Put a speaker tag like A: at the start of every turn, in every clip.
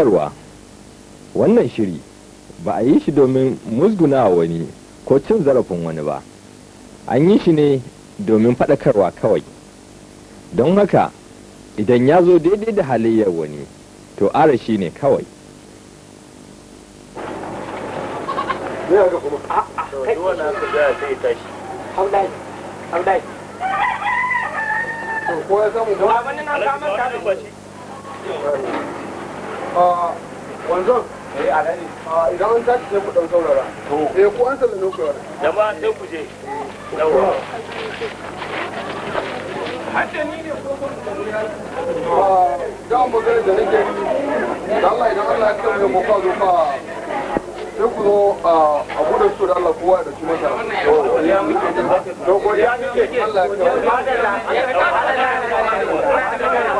A: Faɗakarwa wannan shiri ba a yi shi domin musguna wani ko cin zarafin wani ba, an yi shi ne domin faɗakarwa kawai. Don haka idan ya zo daidai da halayyar wani, to ara shi ne kawai. wanzan eh, idan an tashi sai ku dan saurara eh ku an sallame ku yau da sai ku je hadda ni ne ko ko da ah, magana da nake
B: Allah idan Allah ya kawo mu fa
A: zo fa sai ku zo ah, a buɗe su da Allah kowa da su masa to Allah ya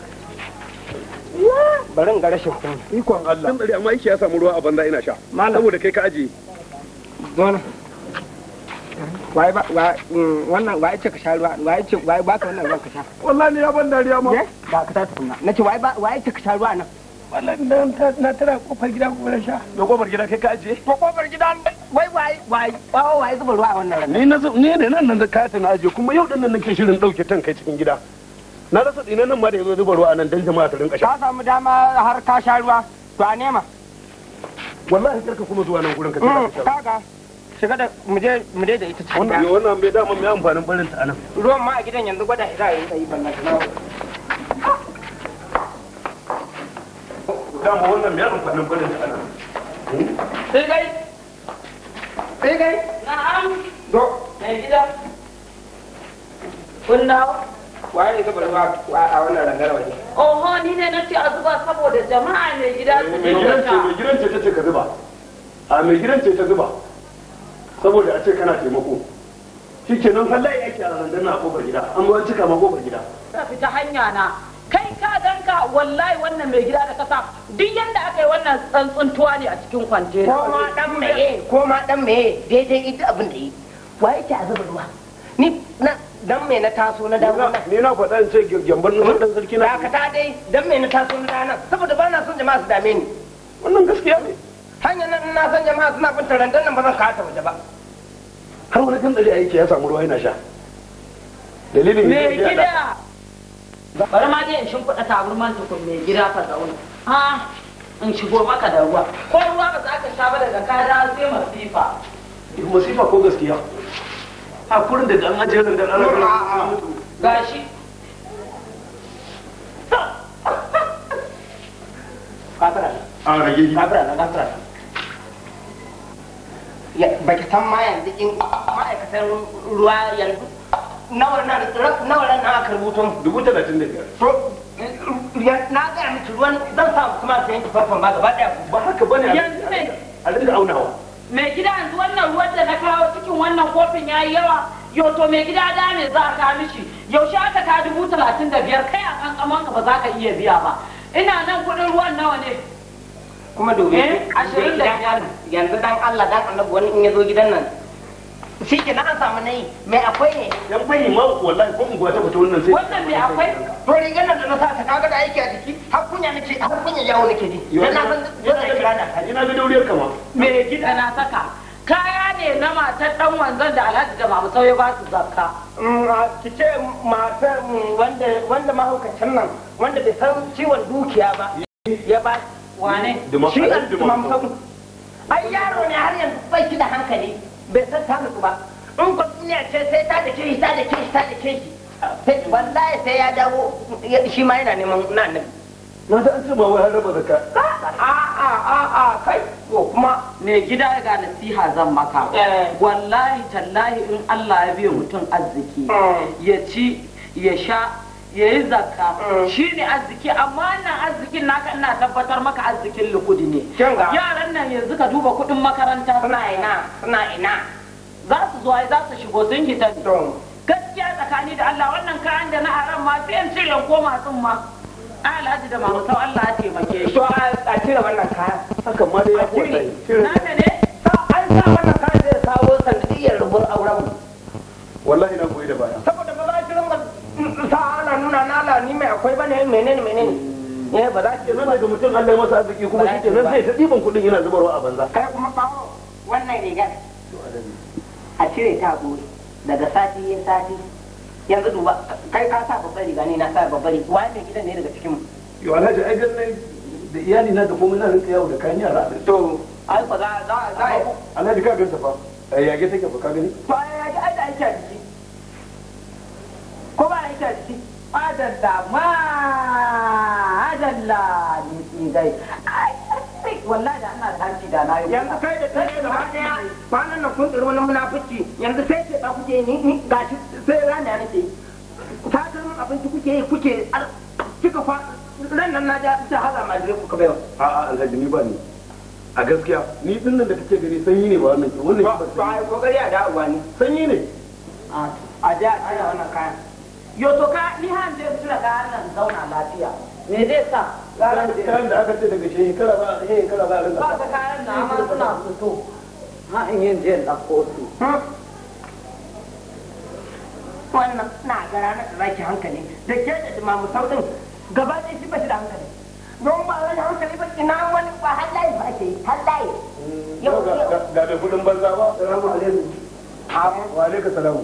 A: barin ga rashin kunya ikon Allah dan bari amma ya samu ruwa a banza ina sha saboda kai ka aje zona wai ba mm, wannan wai ce ka sha ruwa wai ce wai ba ka wannan ruwan ka sha wallahi ya ban dariya ma ba ka ta tukunna nace wai ba wai ce ka sha ruwa nan wallahi dan na tara kofar gida ko na sha da kofar gida kai ka aje to kofar gida wai wai wai bawo wai zuba ruwa a wannan ni na ni ne nan nan da na aje kuma yau din nan nake shirin dauke tankai cikin gida na rasa tsinan nan ma da yazo zuba ruwa a nan dan jama'a ta rinka sha ka samu dama har ka sha ruwa to a nema wallahi karka kuma zuwa nan gurin ka sha kaga shiga da muje mu da ita cikin wannan wannan bai dama mai amfanin barin ta anan ruwan ma a gidan yanzu gwada za a yi sai ballan dama wannan mai amfanin barin ta anan sai kai sai kai na'am do. mai gida kun waye ne ka bar ruwa a wannan rangar waje oho ni ne nace a zuba saboda jama'a ne gida su ne mai gidan ce tace ka zuba a mai gidan ce ta zuba saboda a ce kana taimako shikenan fallahi yake a rangar na kofar gida an ba cika ma kofar gida ka fita hanya na kai ka ganka wallahi wannan mai gida da kasa duk yanda aka yi wannan tsuntsuntuwa ne a cikin kwantena ko ma dan meye ko ma dan meye daidai ita abin da yi waye ke a zuba ruwa ni na dan me na taso na dawo nan ni na faɗa in ce gyamban na dan sarki na dakata dai dan me na taso na dawo nan saboda ba na son jama'a su dame ni wannan gaskiya ne hanyar nan na san jama'a suna bin tarandan nan ba zan kawo ta waje ba har wani kan dare aiki ya samu ruwa yana sha dalilin ne ya gida bari ma dai in shimfiɗa man tukun mai gida ka zauna ha in shigo maka da ruwa ko ruwa ba za ka sha ba daga kada sai masifa masifa ko gaskiya a kurin daga an ajiyar da ana kuma gashi fatara a san ma yanzu in ma'aikatan ruwa yanzu nawa na aka rubutun dubu talatin da biyar na ga miki ruwan zan samu kuma sayan kifafan ba gaba daya ba haka ba ne a rinka aunawa mai gida yanzu wannan ruwan da na kawo cikin wannan kofin ya yi yawa yau to mai gida da me za a kawo mishi yaushe aka ka dubu talatin da biyar kai a kankaman ka ba za ka iya biya ba ina nan kuɗin ruwan nawa ne kuma domin eh, ashirin da yanzu dan Allah dan annabi wani in ya zo gidan nan shi ke na an samu na yi mai akwai ne yan bai ma wallahi ko gwata unguwa ta wannan sai wannan mai akwai to rigar nan da na sa ta kaga da aiki a jiki har kunya nake har kunya yawo nake ji dan na san wannan kira na kai ina ga dauriyar kama me gida na saka kaya ne na matar dan wanzan da Alhaji da Mamu Sauye ba su zakka mm, ki ce matar mm, wanda wanda mahaukacin nan wanda bai san ciwon dukiya ba ya ba wane shi an mamu ai yaro ne har yanzu bai ki da hankali bai san ta nutsu ba in ko duniya ce sai ta da kishi ta da kishi ta da kishi sai wallahi sai ya dawo shi ma yana neman na nan na ta an ce ba wai har raba zakka a a a a kai ko kuma me gida ga nasiha zan maka eh. wallahi tallahi in Allah ya biya mutum arziki eh. ya ci ya sha ya yi zakka mm. shi ne arziki amma wannan arzikin naka na tabbatar maka arzikin likudi ne yaran nan yanzu ka duba kudin makaranta suna ina suna ina za su zo za su shigo sun hita gaskiya tsakani da Allah wannan kayan da na haram ma sai in cire ko masu ma alhaji da mamutan Allah ya taimake shi to a cire wannan kayan haka ma ya kodai na ne sa an sa wannan kayan zai kawo sanadiyar rubur auren wallahi na koyi da baya sa ana nuna nala ni mai akwai bane menene menene eh ba za ki nan daga mutum Allah masa arziki kuma shi kenan zai ta diban kuɗin yana zubarwa a banza kai kuma bawo wannan rigar a cire ta gobe daga sati ya sati yanzu duba kai ka sa babbar riga ne na sa babbar riga wani gidan ne daga cikin mu yo alhaji ai ganin da iyali na da komai na rinka yawo da kayan yara to ai fa za za za alhaji ka ganta fa yage take fa ka gani fa yage ai da ake shaddi adalla ma adalla ni tsigai wallahi da ana tashi da na yi yanzu kai da kai da daya kwanan nan kun tsiri wani munafici yanzu sai ce ba kuke ni ni gashi sai rana nake ta mun abinci kuke yi kuke kika fa ran nan na ja ta haza ma dire kuka baiwa a a alhaji ni ba ni a gaskiya ni din nan da kake gani sanyi ne ba wannan wannan ba ba kokari a da'uwa ne sanyi ne a da a da wannan kayan yotoka ni hande suna ga nan zauna lafiya me zai sa kayan da aka ce daga shekara ba eh, kala ba rinka ba kayan na amma suna fito ha in yin je da kotu wannan na ga ranar da zaki hankali da ke da dimamu sautin gaba ɗaya shi ba shi da hankali don ba wani hankali ba ina wani ba hallaye ba ke yi yau mm, ga da kudin banza ba salamu alaikum wa alaikum salamu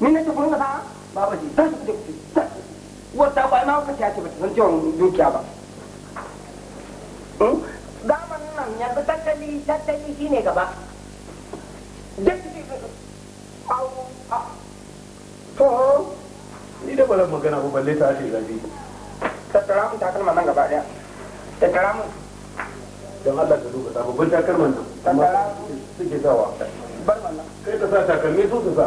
A: ni na ce kun kasa ba ba ji tashi da kuce wata ba na kace ya ce ba san cewa dukiya ba daman hmm? nan yanzu tattali tattali ne gaba duk to ni da balan magana ba balle ta ce zabi tattara mun takalman nan gaba daya tattara mun don Allah ka duba sababbin takalman nan tattara suke sawa bar wannan kai ta sa takalmi su su sa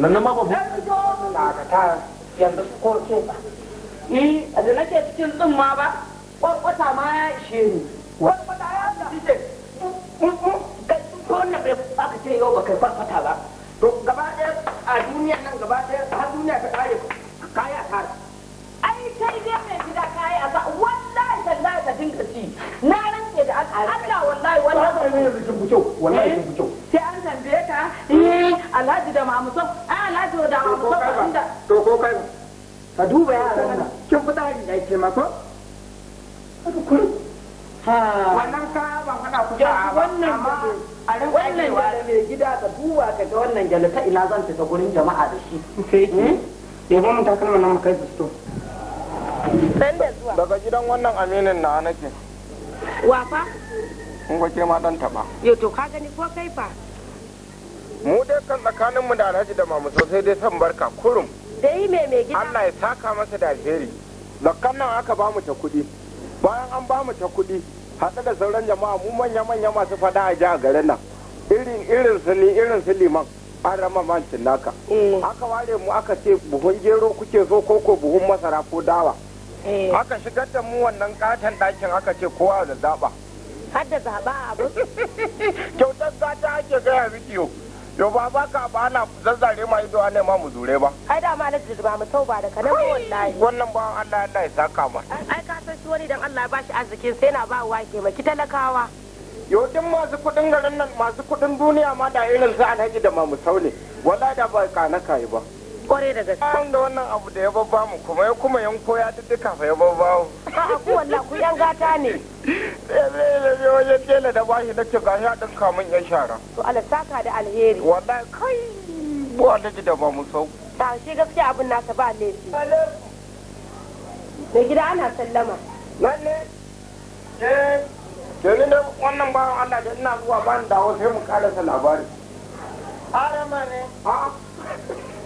A: nan babu na ka ta yanzu ko ce ba ni da nake cikin tsin ma ba kwarkwata ma ya ishe ni kwarkwata ya mm, mm, mm, Ka ko wanda bai aka ce yau ba kai kwarkwata ba to gaba a duniya nan gaba ɗaya har duniya ta kare kaya ta ai kai dai mai gida kaya ba wallahi tallahi ka dinka ci na rantse da Allah wallahi wallahi wallahi wallahi wallahi wallahi wallahi wallahi wallahi sai an tambaye ka eh alhaji da mamusau ai alhaji da mamusau inda to ko kai ka duba yaran nan kin fita hari da ke mako haka kun ha wannan ka ban faɗa ku ba wannan wannan da mai gida ka duba ka ga wannan gyale ta ina zan fita gurin jama'a da shi sai hmm? ya mun takalma nan mu kai bisto daga gidan wannan aminin na nake wafa kun ga ma dan taba yau to ka gani ko kai fa mu dai kan tsakanin mu da Alhaji da Mamu sosai dai san barka kurum dai me me gida Allah ya saka masa da alheri lakkan nan aka ba mu ta kuɗi bayan an ba mu ta kuɗi haɗe da sauran jama'a mu manya manya masu faɗa a jiha garin nan irin irin su ni irin su liman an rama mancin naka mm. aka ware mu aka ce buhun gero kuke so ko ko buhun masara ko dawa eh. aka shigar da mu wannan katon ɗakin aka ce kowa da zaɓa har da zaba a abu kyautar gata ake gaya miki yau yo ba ba ka ba na zazzare ma ido ne ma mu zure ba ai da ma na ba mu tauba da kana ba wallahi wannan ba Allah Allah ya saka ma ai ka san shi wani dan Allah ba shi arzikin sai na ba wa ke ma. Ki talakawa yau din masu kudin garin nan masu kudin duniya ma da irin su alhaji da mamu saule wala da ba ka na kai ba kwarai da gaske an da wannan abu da ya babba mu kuma ya kuma yanko ya duka fa ya babba mu a ku wallahi ku yan gata ne sai eh, da wajen tela da bashi nake gashi ya dinka min ya shara to Allah saka da alheri wallahi kai wallahi da ba mu sau ta shi gaskiya abin nasa ba laifi da gida ana sallama eh, nan ne eh da wannan bawan Allah da ina zuwa ban dawo sai mu karasa labari Arama ne? Ha?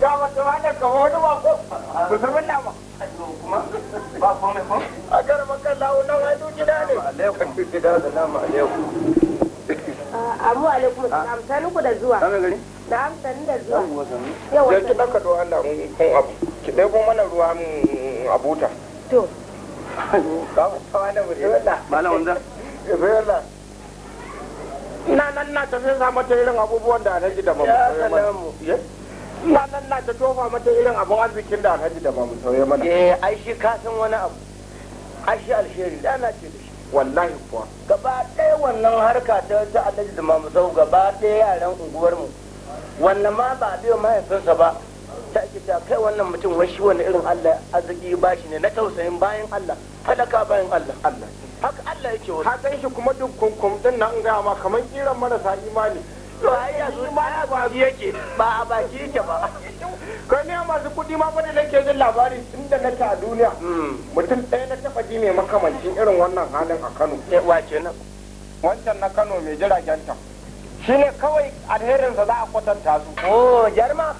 A: da ma to ka wani ba ko musulmin na ba kuma ba ko mai ko a garba kan lawo nan ai du gida ne alaikum da nama alaikum amu alaikum salam sanu ku da zuwa kana gari da amsani da zuwa yau do Allah abu ki dai mana ruwa mun abuta to na nan na tafiya za mata irin abubuwan da na ji da mamu. Ya salamu. Eh? na nan na ta tofa mata irin abin arzikin da alhaji da ba mu sauye mana eh ai shi ka san wani abu ai shi alsheri da na ce da shi wallahi kuwa gaba ɗaya wannan harka ta ta alhaji da ba mu sau gaba ɗaya yaran unguwar mu wannan ma ba a biyo mahaifinsa ba ta ake ta kai wannan mutum wai shi wani irin Allah arziki ba shi ne na tausayin bayan Allah talaka bayan Allah Allah haka Allah yake wani ka san shi kuma duk kunkum din nan ga ma kamar kiran marasa imani to ai ya su ma ya baki yake ba a baki yake ba kai ne masu kuɗi ma bane nake jin labari tun da nake a duniya hmm. mutum ɗaya na taɓa ji mai makamancin irin wannan halin a Kano eh, wace nan wancan na Kano mai jiragen ta Shi ne kawai alherinsa za a kwatanta su oh jarma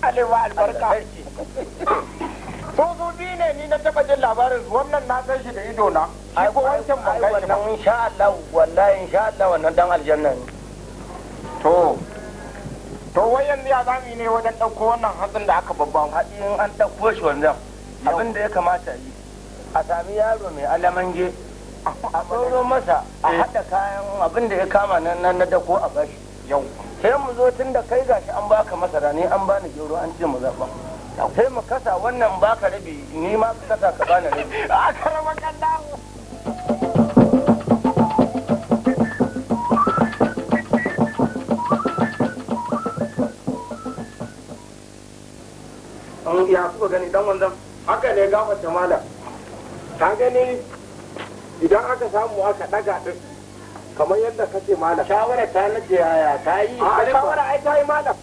A: alewa albarka sojoji ne ni na taɓa jin labarin wannan na san shi da ido na ai ko wancan ban ga shi na insha Allah wallahi insha Allah wannan dan aljanna ne to to wayan ya yi ne wajen ɗauko wannan hatsin da aka babban hatsin an ɗauko shi wannan abin da ya kamata yi a sami yaro mai alamange a tsoro masa a eh. haɗa kayan abin da ya kama nan na dako a bashi yau sai mu zo tun da kai gashi an baka masara ne an bani gero an ce mu zaɓa sai mu kasa wannan baka rabi ni ma ka kasa ka bani rabi a karama kan dawo ya kuka gani dan wanzan haka ne gafar ta mala ka gani idan aka samu aka daga din kamar yadda kace mala shawara ta nace yaya ta yi a shawara ai ta yi mala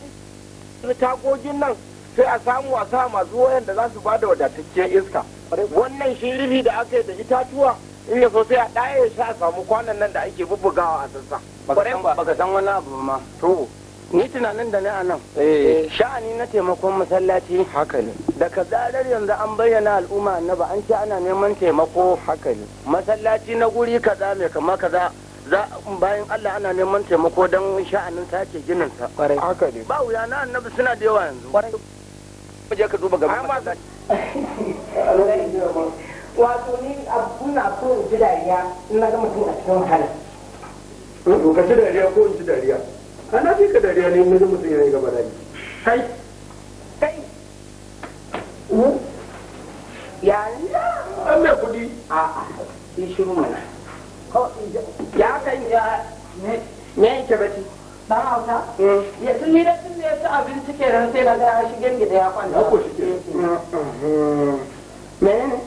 A: tagogin nan sai a samu a sa masu wayan da za su bada wadatacciyar iska wannan shirifi da aka yi da itatuwa in ya so sai a ɗaya ya sha a samu kwanan nan da ake bubbugawa a sassa ba ka san wani abu ma to ni tunanin da na a nan eh. Eh, sha'ani na taimakon masallaci daga zarar yanzu an bayyana al'umma na ba an ce ana neman taimako masallaci na guri kaza mai kama kaza za bayan Allah ana neman taimako don sha'anin sake ginin sa kwarai haka ne ba wuya na annabi suna da yawa yanzu kwarai mu je ka duba gaba masallaci wato ni so in ji dariya ina ga mutum a cikin wahala mm, ka ci dariya ko in ci dariya ana fi ka dariya ne na mutum ya yi gaba da kai kai hmm? ya ya an mai kudi a a yi shiru mana ya kai ya me ke bati ba hausa? Hmm. ya sun ni da sun ne su abinci kenan sai na shi shigen gida ya kwanta ko shige hmm. menene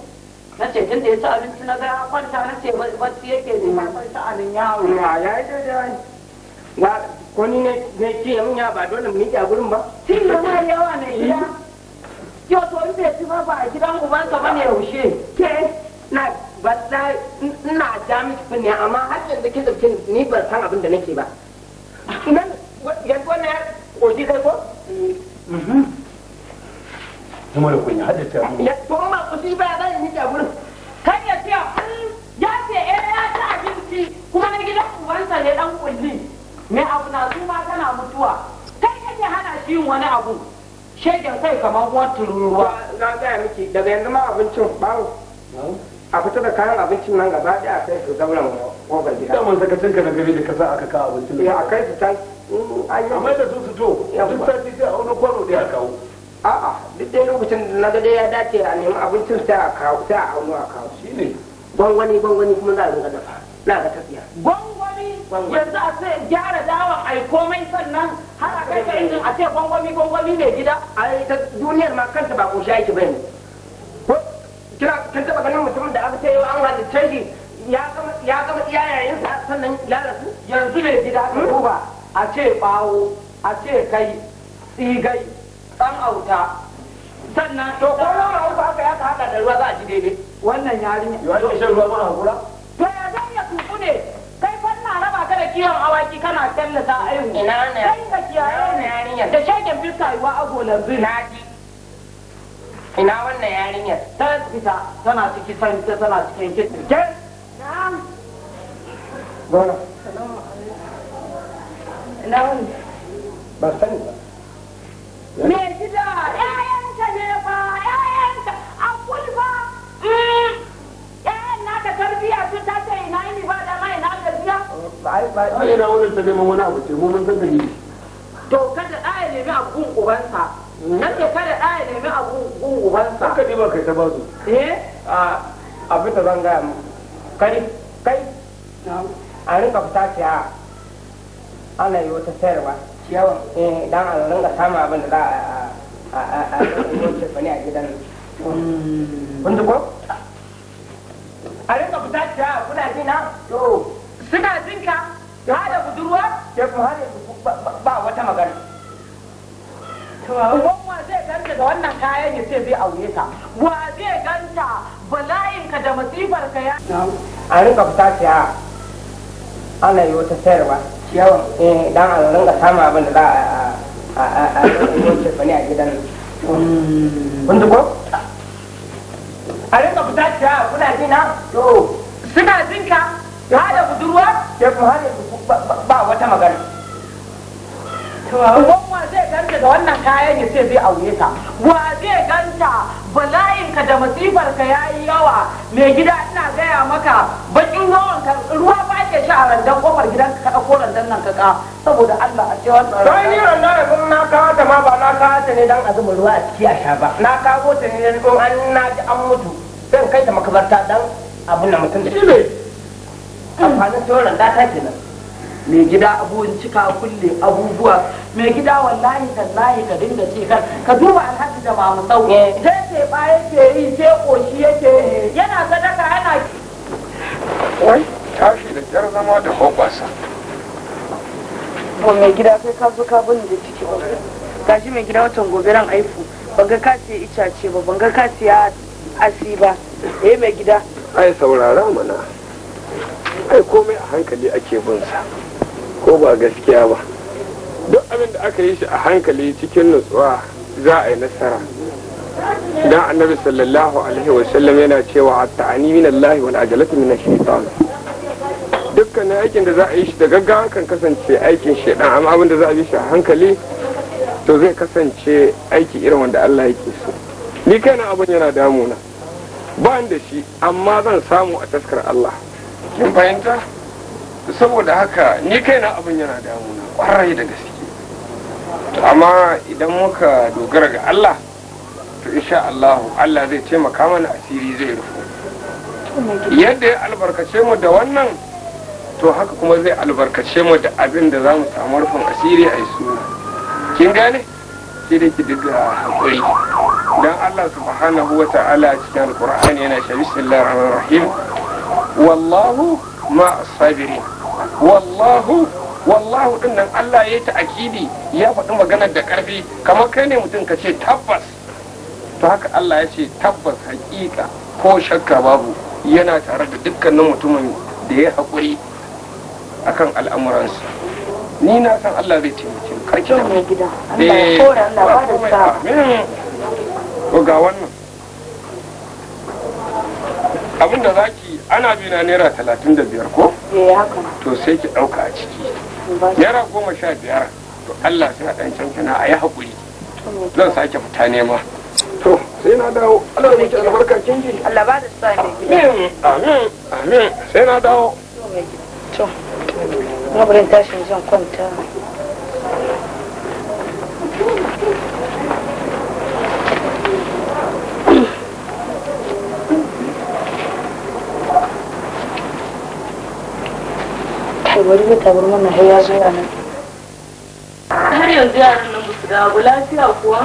A: na ce tun da ya ci abinci na ga kwanta na ce bacci yake ne ya kwanta a nan yawo ya ya yi daidai wa ko ni ne ne ce mun ya ba dole mu ba shi ne ma yawa ne gida yo to in ci ma ba a gidan uban ka bane yaushe ke na balla ina ja miki ne amma har yanzu ke zace ni ban san abin da nake ba nan yanzu wannan ya koji kai ko kuma mhm. da kunya hadda ta ya to ma kusi ba zan yi ta gurin kan ya ce ya ce eh ya ta ci kuma na gidan uwansa ne dan kulli mai abu na zuma tana mutuwa kai kake hana shi yin wani abu shegen kai kamar uwar tururuwa na gaya miki daga yanzu ma abincin babu a fita da kayan abincin nan gaba ɗaya a kai su zauren kofar gida daman sakacin ka na gari da kasa aka kawo abincin nan a kai su can a mai da su su to duk sati sai a wani kwano da ya kawo a'a duk dai lokacin da na gade ya dace a nemi abincin sai a kawo sai a auno a kawo shine gwangwani gwangwani kuma za a rinka dafa na ga tafiya yanzu a ce gyara dawan ai komai sannan har a kai ka injin a ce gwangwami gwangwami ne gida ai ta duniyar ma kanta ba ko shi bane ko kira kan taba ganin mutumin da aka ce wa an hada canji ya gama ya gama sannan lalasu yanzu ne gida ka hmm? duba a ce bawo a ce kai tsigai dan auta sannan to ko ruwa ba haka ya hada da ruwa za a ji daidai wannan yarinya yau shan ruwa ma hakura to ya zan ya tuku ne da kiwon awaki kana kalla ta aihu ina ne kai ka kiyaye ne da shagen fiska yiwa a golan bin naji ina wannan yarinyar ta fita tana ciki san ta tana cikin kitchen ke na'am gora ina wannan ba sani ba me gida ƴaƴanka ne fa ba ƴaƴanka a kulfa mm. na naka tarbiya su ta ce ina ni ba da mai ba yana wurin ta neman wani abu ce mun san dalili to kada da ya nemi abu gun ubansa
B: kada
A: da ya nemi abu gun ubansa haka ba kai ta bazu eh a abin da zan gaya mu. kai kai a rinka fita ciya ana yi wata sayarwa ciyawa eh dan a rinka samun abin da za a a a a a gidan kun ko a rinka fita ciya kuna jina to suna jinka ya hada budurwa ya kuma hada ba wata magana uban wa zai ganta da wannan kayan ya ce zai aure ka wa zai ganta bala'inka da masifarka ya a rinka fita ciya ana yi wata sayarwa yawan eh dan a samun abin da za a a a a a gidan kun A ko a rinka fita ciya kuna jina to suna jinka ya da budurwa ya kuma haɗa ba wata magana Uban wa zai ganta da wannan kayan ya ce zai aure ta wa zai ganta bala'inka da masifarka ya yi yawa mai gida ina gaya maka bakin yawan ka ruwa ba ke sha a randan kofar gidan ka ɗauko randan nan ka ka saboda Allah a ce wannan randan ni randan abin na kawo ta ma ba na kawo ta ne dan a zuba ruwa a ciki a sha ba na kawo ta ne don an na ji an mutu sai kai ta makabarta dan abin da mutum da shi amfanin tauran ke kenan mai gida abubuwan cika kulle abubuwa mai gida wallahi tallahi ka dinga ce kan ka duba alhaji da mamu sau sai eh. ce ba yake yi sai koshi yake yana sadaka yana wai tashi da kyar zama da hoɓasa ba mai gida sai ka zo ka bani da ciki ba. gashi mai gida watan gobe ran aifu banga ka ce icace ba banga ka ce asi ba eh mai gida ai saurara mana ai komai a hankali ake bin sa ko ba gaskiya ba duk abin da aka yi shi a hankali cikin nutsuwa za a yi nasara dan annabi sallallahu alaihi wa sallam yana cewa hatta ani min wal ajalati min ash-shaytan dukkanin aikin da za a yi shi da gaggawa kan kasance aikin shaidan amma abin da za a yi shi a hankali to zai kasance aiki irin wanda Allah yake so ni kaina abin yana damuna ba da shi amma zan samu a taskar Allah kin fahimta saboda haka ni kaina abin yana damuna kwarai da gaske amma idan muka dogara ga Allah to insha Allah Allah zai taimaka mana asiri zai rufu yadda ya albarkace mu da wannan to haka kuma zai albarkace mu da abin da za mu samu rufin asiri a suna kin gane sai da ki duka hakuri dan Allah subhanahu wa ta'ala cikin alqur'ani yana cewa bismillahir rahim wallahu ma sabiri wallahu wallahu din nan Allah ya yi ta ya faɗi maganar da ƙarfi kamar kai ne mutum ka ce tabbas to haka Allah ya ce tabbas hakika ko shakka babu yana tare da dukkanin mutumin da ya haƙuri akan al'amuransa ni na san Allah zai taimake mu karki da mai gida
B: Allah ya eh, kore
A: Allah ba da sa ga wannan abinda zaki ana bina naira talatin da biyar ko? Eh, to sai ki ɗauka a ciki naira goma sha biyar to allah sai a ɗan cancana a yi haƙuri zan sake fita nema to sai na dawo allah da mutu albarka canji allah ba da sa ne gida amin amin sai na dawo to na burin tashin zan kwanta bari zai tabar mana har ya zo a nan har yanzu yaran nan musu da abu lafiya kuwa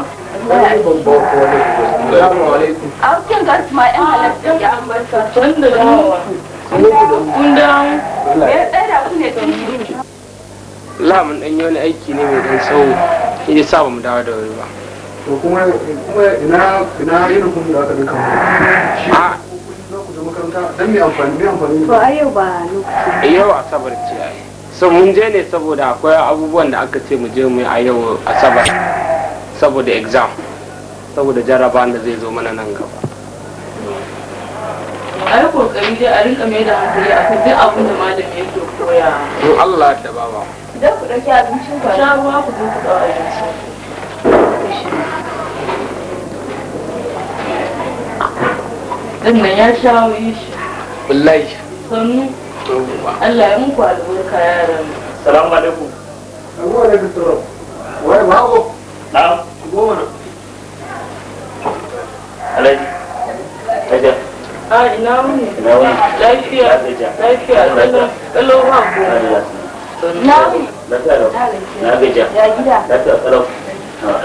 A: a cikin gasu ma yan halatta ya ambata tun da dawowa kun da ya tsaye da ku ne tun lamun ɗan yi wani aiki ne mai ɗan tsawo ya sa ba mu dawo da wuri ba to kuma ina ina irin kun da aka dinka a to a yau ba lokaci yau asabar ce so mun je ne saboda akwai abubuwan da aka ce mu je mu a yau asabar saboda exam saboda jarraba da zai zo mana nan gaba
B: a yi kokari
A: dai a rinka mai da hankali a kan duk abin da malam ke koya in Allah da baba idan ku ɗauki abincin ku sha ruwa ku zo ku dawo abincin ku din nan ya shawo yi shi wallahi sannu Allah ya muku albarka yaran salamu alaikum wa alaikum salam wai ba ko na goma na alaikum aja a ina wuni ina wuni lafiya lafiya kallon kallon ba ko na wuni na gaja ya gida lafiya kalau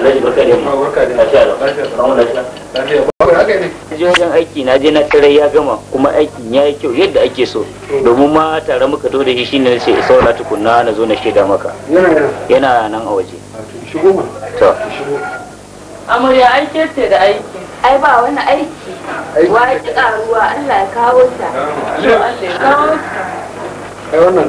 A: alhaji barka da yamma barka da lafiya lafiya lafiya je wajen aiki na je na tare ya gama kuma aikin ya yi kyau yadda ake so domin ma tare muka zo da shi shine na ce saura tukunna na zo na shaida maka yana nan a waje an da aiki ai ba wani aiki wa ki karuwa Allah ya kawo ta Allah ya kawo ta ai wannan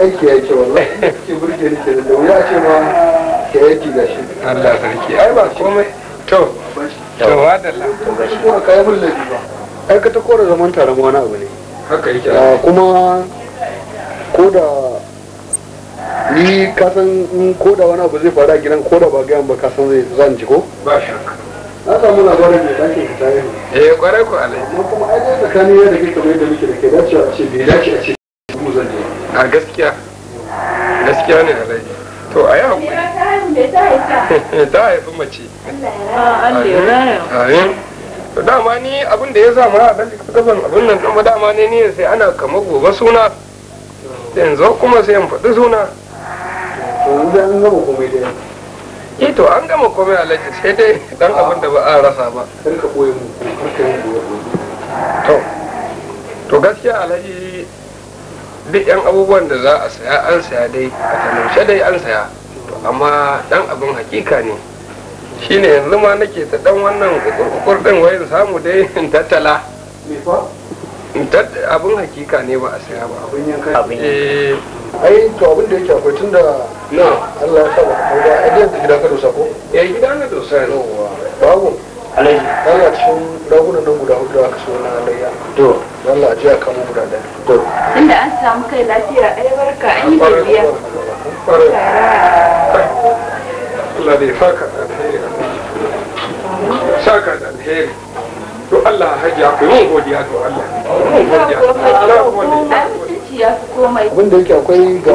A: aiki ya ce wallahi ke burge ni da wuya ce ma ke aiki ga shi Allah sarki ai ba komai to to wadalla kuma kai mun lafi ba ai ka ta kora zaman tare ma wani abu ne haka yake ah, kuma ko da ni ka san ko da wani abu zai faru a gidan ko da ba gayan ba ka san zai zan ji ko ba shakka na samu labarin mai ɗakin ka tare eh kwarai ko alai kuma ai da tsakanin yadda kake kamar yadda muke da ke dace a ce bai dace a ce mu zan ji a gaskiya gaskiya ne alaji to a yau ta haifi mace amin to dama ni abin da ya sa ma dan kasaban abin nan kuma dama ne ni sai ana kama gobe suna yanzu kuma sai in faɗi suna eh to an gama komai alaji sai dai dan abin da ba a rasa ba to to gaskiya alaji duk yan abubuwan da za a saya an saya dai a talaushe dai an saya to amma dan abin hakika ne shine yanzu ma nake ta dan wannan kukur din wayan samu dai in tattala abin hakika ne ba a saya ba abin yanka eh. ai to abin da yake akwai tun da na Allah ya saba ba ka ba ai gida ka dosa ko eh gida na dosa yawa babu alai Allah cikin ragunan nan guda hudu aka na alayya to ji guda da inda an samu kai lafiya ai an yi tafiya Allah alheri saka yake akwai ga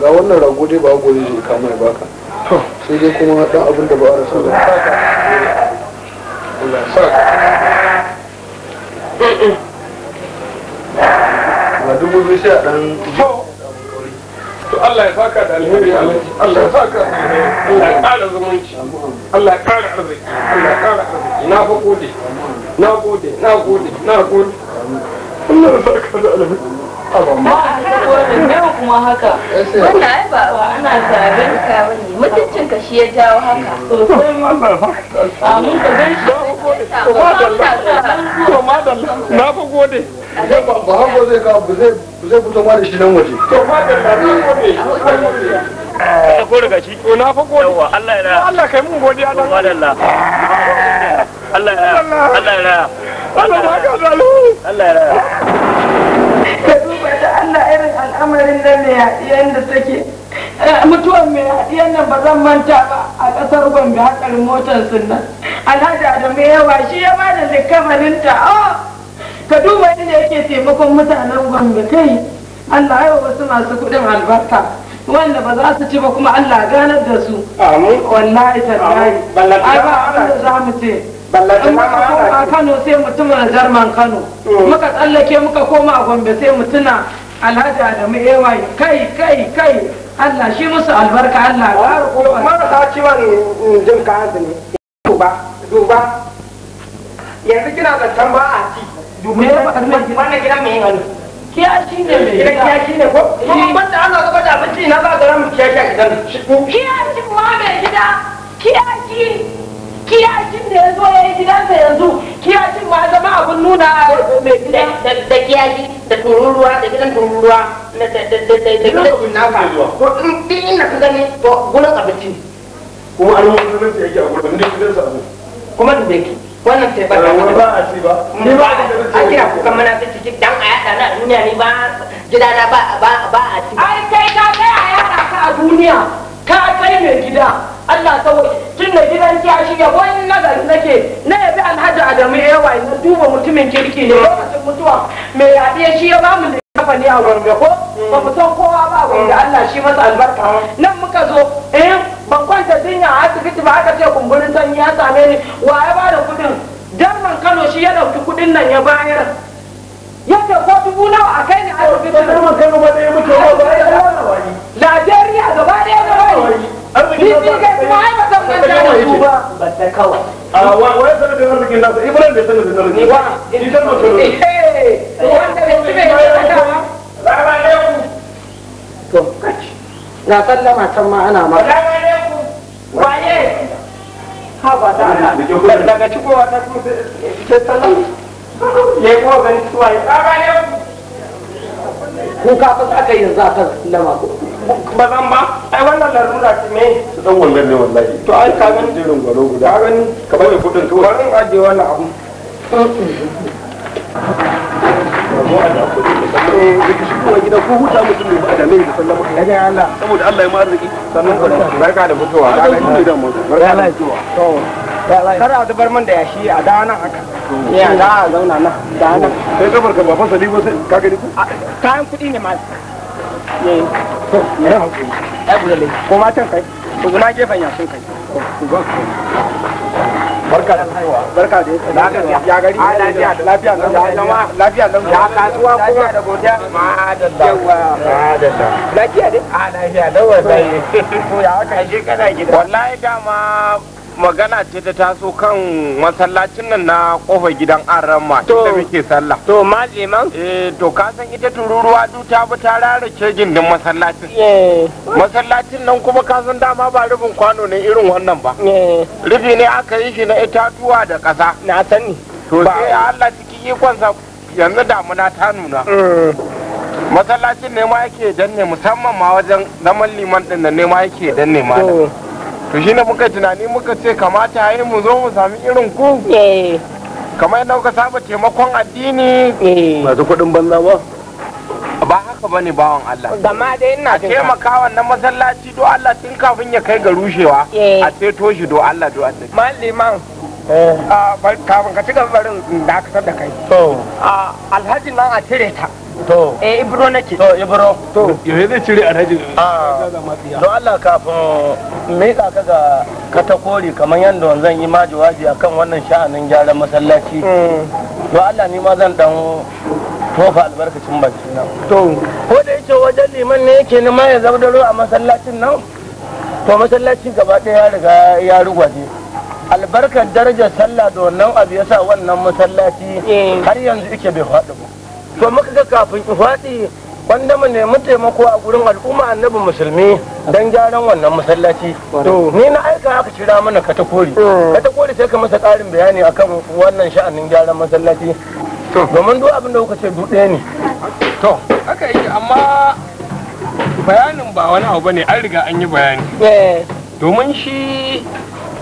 A: wannan rago dai ba gobe zai kama ya baka sai dai kuma dan abin da ba a da ba ba to Allah ya da alheri Allah ya Allah ya kara zumunci Allah ya kara arziki Allah ya kara arziki na fa gode na gode na gode na gode Allah ya saka da alheri Yau kuma haka. Wanda ai ba ana zaben ka bane. Mutuncin ka shi ya jawo haka. Amin ka gan shi. To madalla. Na fa gode. Ba hango zai ka zai fito ma da shi nan waje. To madalla na gode. Ko daga shi. To na fa gode. Yawwa Allah ya. Allah kai mun godiya dan. Madalla. Allah ya. Allah ya. Allah ya. Allah ya. Allah da Allah irin al'amarin nan ne haɗiyar da take eh, mutuwan mai haɗiyar nan ba zan manta ba a ƙasar gombe hatsarin motar sunan alhaji adamu yawa shi ya ba da likafaninta oh, ka duba inda yake taimakon mutanen gombe kai Allah yawa wasu masu kuɗin albarka wanda ba za su ci ba kuma Allah ganar da su wallahi tallahi ai ba abin za mu ce a kano sai mu a jarman kano mm. muka tsallake muka koma a gombe sai mutuna. tuna alhaji adamu ewaye kai kai kai allah shi musu albarka allah ƙara ƙofa mara ciwon mm, jin kayan ne duba duba yanzu kina zaton ba a ci duba wannan gidan mai hannu kiya shi ne mai gidan kiya shi ne ko kuma banda ana zuba da abinci na ba ga ramin kiya shi a gidan kiya shi ma mai gida kiya shi kiyakin da ya zo ya yi gidansa yanzu kiyakin ma zama abin nuna mai gida da kiyaki da tururuwa da gidan tururuwa da gidan na faruwa ko in din inda ka gani to gurin abinci kuma an yi a gurin kuma da wannan sai ba ba a ci ba ni ba a kira ku ta ciki dan a yada na duniya ni ba gidana ba a ci ai kai ka kai a yada ka a duniya ka kai mai gida Allah kawai tun da gidan ya shiga wani nagari nake na yabi alhaji adamu ya eh, yawa na duba mutumin kirki ne lokacin mutuwa mai yaɗe shi ya bamu da kafa ne a gwanga ko mm. ba mu san kowa ba gwanga mm. Allah shi masa albarka mm. nan muka zo eh ban kwanta jinya a asibiti ba aka ce kumburin sanyi ya same ni wa ya bada da kuɗin man kano shi ya ɗauki kuɗin nan ya bayar yadda ko dubu nawa a kai ne a rubuta da mun kano ba dai muke ba ba ya Najeriya gaba daya gaba ne ni ni ga kuma ai ba san manta da su ba ba ta kawai a wa wa da arzikin nasu Ibrahim da sanin da arzikin wa ni dan mutum ne eh, wanda bai ci bai ba ta rama ne to kaci na sallama can ma ana ma rama ne waye ha ba da daga cikowa ta sai sallama ya kuma gani tuwa ya tsara ne ku ka fi aka yanzu a kan nama ba zan ba ai wannan larura ce me su dan wannan ne wallahi to ai ka gani jerin gwaro guda ka gani ka bani kudin kawai bari ajiye wannan abu eh, saboda Allah ya mu arziki sannan barka da fitowa barka da fitowa kar a zubar man da yashi a da nan haka ya da zauna nan da nan sai kafar ka ba fasa libo sai ka gani ku kayan kuɗi ne mal eh. to ya hakuri ai gudale ko ma kai ku zuma gefen yashin kai barka da haihuwa barka da ya gari ah, lafiya da lafiya nan ya zama lafiya nan ya kasuwa kuma da godiya ma da da ma da da lafiya dai a ah, lafiya da wallahi to ya kana gida wallahi dama magana ce ta taso kan masallacin nan na kofa gidan arama inda muke sallah to maliman eh to ka san ita tururuwa du ta bi ta rarake gindin masallacin eh. masallacin nan kuma ka san dama ba rufin kwano ne irin wannan ba eh. rubi ne aka yi shi na itatuwa da ƙasa na sani to sai Allah ikon sa yanzu damuna ta nuna eh. masallacin ne ma yake danne musamman ma wajen zaman liman din nan ne ma yake danne ma to shi ne muka tunani muka ce kamata ya yi mu zo mu sami irin ku eh. kamar yadda muka saba taimakon addini eh. masu kuɗin banza ba ba haka bane bawan Allah gama dai ina a taimaka wannan masallaci do Allah tun kafin ya kai ga rushewa eh. a ceto shi do Allah do Allah maliman ah, kafin ka ci gabarin da aka da kai ah, alhaji nan a cire ta to eh ibro nake to ibro to yau zai cire alhaji a ah. don Allah kafin me ka ga katakori kamar yadda zan yi ma jawabi akan wannan sha'anin gyaran masallaci mm. don Allah ni ma zan dan tofa albarkacin baki na to ko da yake wajen liman ne yake ni ma ya zabdaro a masallacin nan to masallaci gaba ɗaya ya riga ya rugwaje albarkar darajar sallah da wannan abu yasa wannan masallaci eh. har yanzu yake bai faɗi ba to muka ga kafin in faɗi wanda mu nemi taimako a gurin al'umma annabi musulmi don gyaran wannan masallaci to ni na aika haka kira mana katakori hmm. katakori sai ka masa ƙarin bayani akan wannan sha'anin gyaran masallaci domin duk abin da kuka ce duɗe ne to haka yi amma bayanin ba wani abu bane an riga an yi bayani eh. domin shi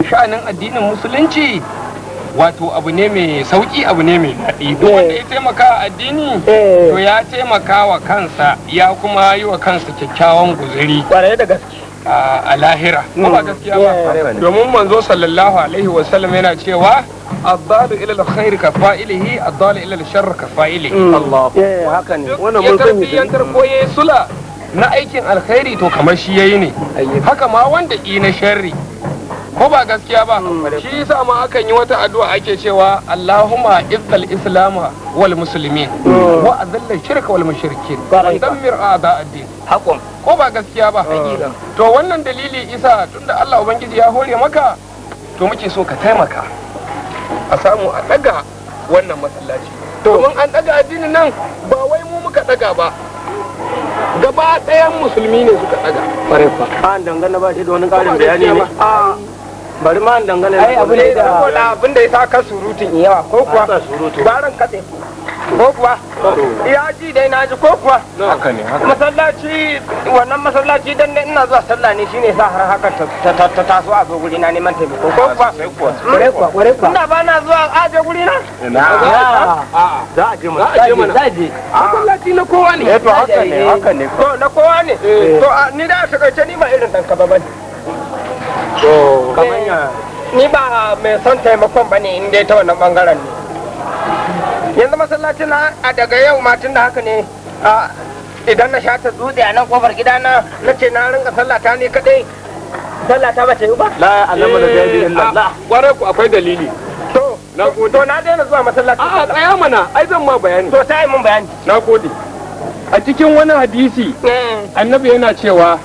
A: sha'anin addinin musulunci wato abu ne mai sauki abu ne mai daɗi duk eh. wanda ya taimaka addini eh. to ya taimaka wa kansa ya kuma yi wa kansa kyakkyawan guzuri da gaske a lahira kuma mm. gaskiya ba eh, domin manzo sallallahu alaihi wa sallam yana cewa addalu ila alkhair ka fa'ilihi addalu ila alshar ka fa'ilihi mm. Allah haka ne wannan mun sani ya tarkoye sula na aikin alkhairi to kamar shi yayi ne haka ma wanda ƙi na sharri ko ba gaskiya ba mm. shi yasa ma akan yi wata addu'a ake cewa Allahumma izzal islama wal muslimin mm. wa azalla shirka wal mushrikin dammir a'da ad-din ko ba gaskiya ba mm. to wannan dalili isa tunda Allah ubangiji ya hore maka to muke so ka taimaka a samu a daga wannan masallaci domin an daga addinin nan ba wai mu muka daga ba gaba ɗayan musulmi ne suka daga. Kwarai kwa. A dangane ba shi da wani ƙarin bayani ne. bari ma an dangane da abu ne da abin da ya sa ka surutun yawa ko kuwa baran katse ko kuwa ya ji dai na ji ko kuwa haka ne haka masallaci wannan masallaci dan ne ina zuwa sallah ne shine sa har haka ta taso a zo guri na neman taimako ko kuwa kore kuwa kore mm. kuwa ina ba na zuwa je guri na a za a je mana za a je mana za a je masallaci na kowa ne eh to haka ne eh. haka ne to na kowa ne eh. to ni da a takaice ni ba irin dan ka ba bane Oh. ni ba mai son taimakon ba ne in dai ta wannan bangaren ne yanzu masallacin na a daga yau matun da haka ne idan na sha ta dutse a nan kofar gidana na ce na rinka sallata ne kadai sallata ba ta yi ba la alama da jabi eh, illallah ku akwai dalili to na gode to na daina zuwa masallaci a tsaya mana ai zan ma bayani to sai mun bayani na gode a cikin wani hadisi eh. annabi yana cewa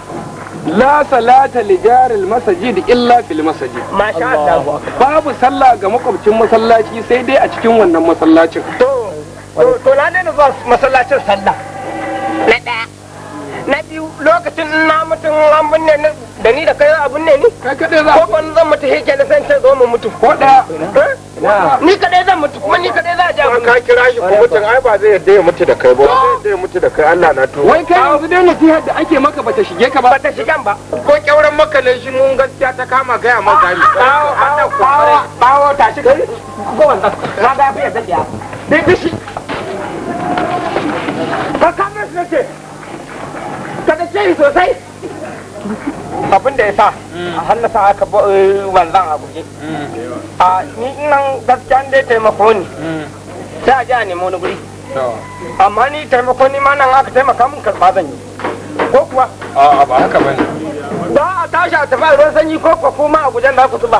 A: la salata li jaril masajid illa fil masajid masha Allah babu sallah ga makwabcin masallaci sai dai a cikin wannan masallacin to to na ne zuwa masallacin sallah na daya na biyu lokacin na mutum an binne ni da ni da kai a binne ni kai kadai za ko ban zan mutu heke da san ce zo mu mutu ko da ni kadai zan mutu kuma ni kadai za a ja mu ka kira shi ko mutum ai ba zai yadda ya mutu da kai ba zai ya mutu da kai Allah na to wai kai yanzu dai nasihar da ake maka bata shige ka ba bata shigan ba ko kyauran maka ne shi mun gaskiya ta kama ga ya maka ni bawo bawo bawo tashi kai ko wannan na ga fi yadda ya dai dishi ka kama shi nake sai sosai abin da ya sa a hannasa aka eh, wanzan a guje mm. a ni nan gaskiya dai taimako ne mm. sai a ji a nemo na guri amma ni taimako ne ma nan aka taimaka mun karfa zan yi ko kuwa a ba haka bane ba a tashi a tafi a ruwan sanyi ko kuma a guje da ku tuba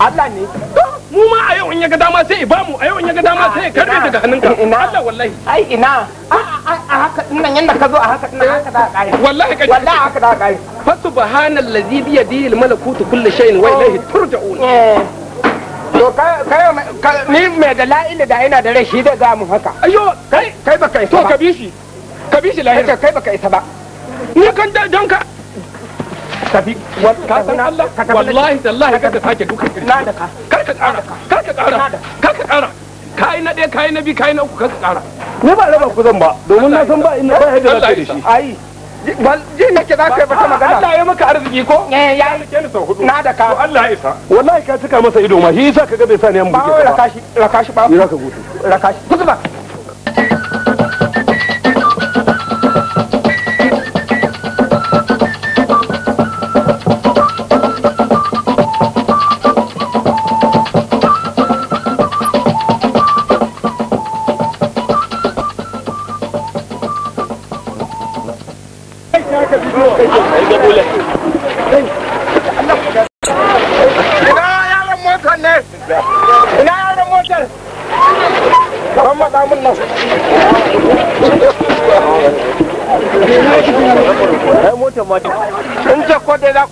A: Allah ne mu ma a yau in ya ga dama sai ba mu a yau in ya ga dama sai ya karbe daga hannunka Allah wallahi ai ina a haka dinnan yanda ka zo a haka dinnan haka da kai wallahi kai wallahi haka da kai fa subhanallazi bi yadihi almalakutu kulli shay'in wa ilayhi oh. turja'un eh. to kai ni mai da la'ila da ina da rashi da za mu haka ayo kai kai baka isa to ka bi shi ka bi shi lahira kai baka isa ba ni kan dan ka tafi ka san Allah wallahi tallahi kar ka sake duka kirki da ka kar ka kara kar ka kara kar ka kara kai na ɗaya kai na biyu kai na uku kar ka kara ni ba raba ku zan ba domin na san ba ina ba yadda zaka da shi ai ji nake za ka yi bata magana Allah ya maka arziki ko eh ya rike ni sau hudu na da ka Allah ya isa wallahi ka cika masa ido ma shi yasa kaga bai sa ne an buke ba raka shi raka shi ba raka gutu raka shi ba.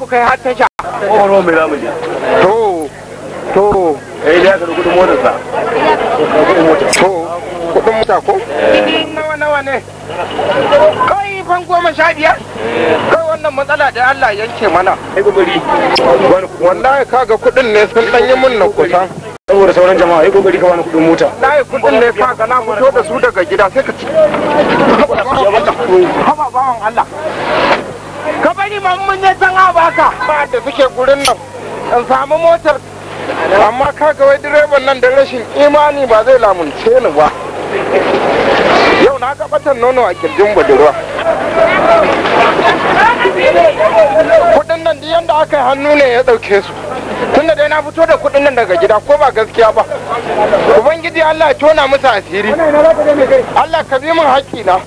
A: ku kai har tasha ƙoro mai zamu to to eh da ka kudin motar to kudin mota ko nawa nawa ne kai ban goma sha biyar kai wannan matsala da Allah yanke mana ai gobari wallahi kaga kudin ne sun danyi min na kusa saboda sauran jama'a ai kokari ka bani kudin mota na yi kudin ne ka na fito da su daga gida sai ka ci haba bawan Allah ka bari ya haka ba da suke gurin nan in samu motar amma kaga wai direban nan da rashin imani ba zai lamunce ni ba yau na gabatar nono a kirjin budurwa kudin nan duk yadda aka yi hannu ne ya dauke su tunda dai na fito da kudin nan daga gida ko ba gaskiya ba ubangiji allah ya tona musu asiri allah ka bi min na.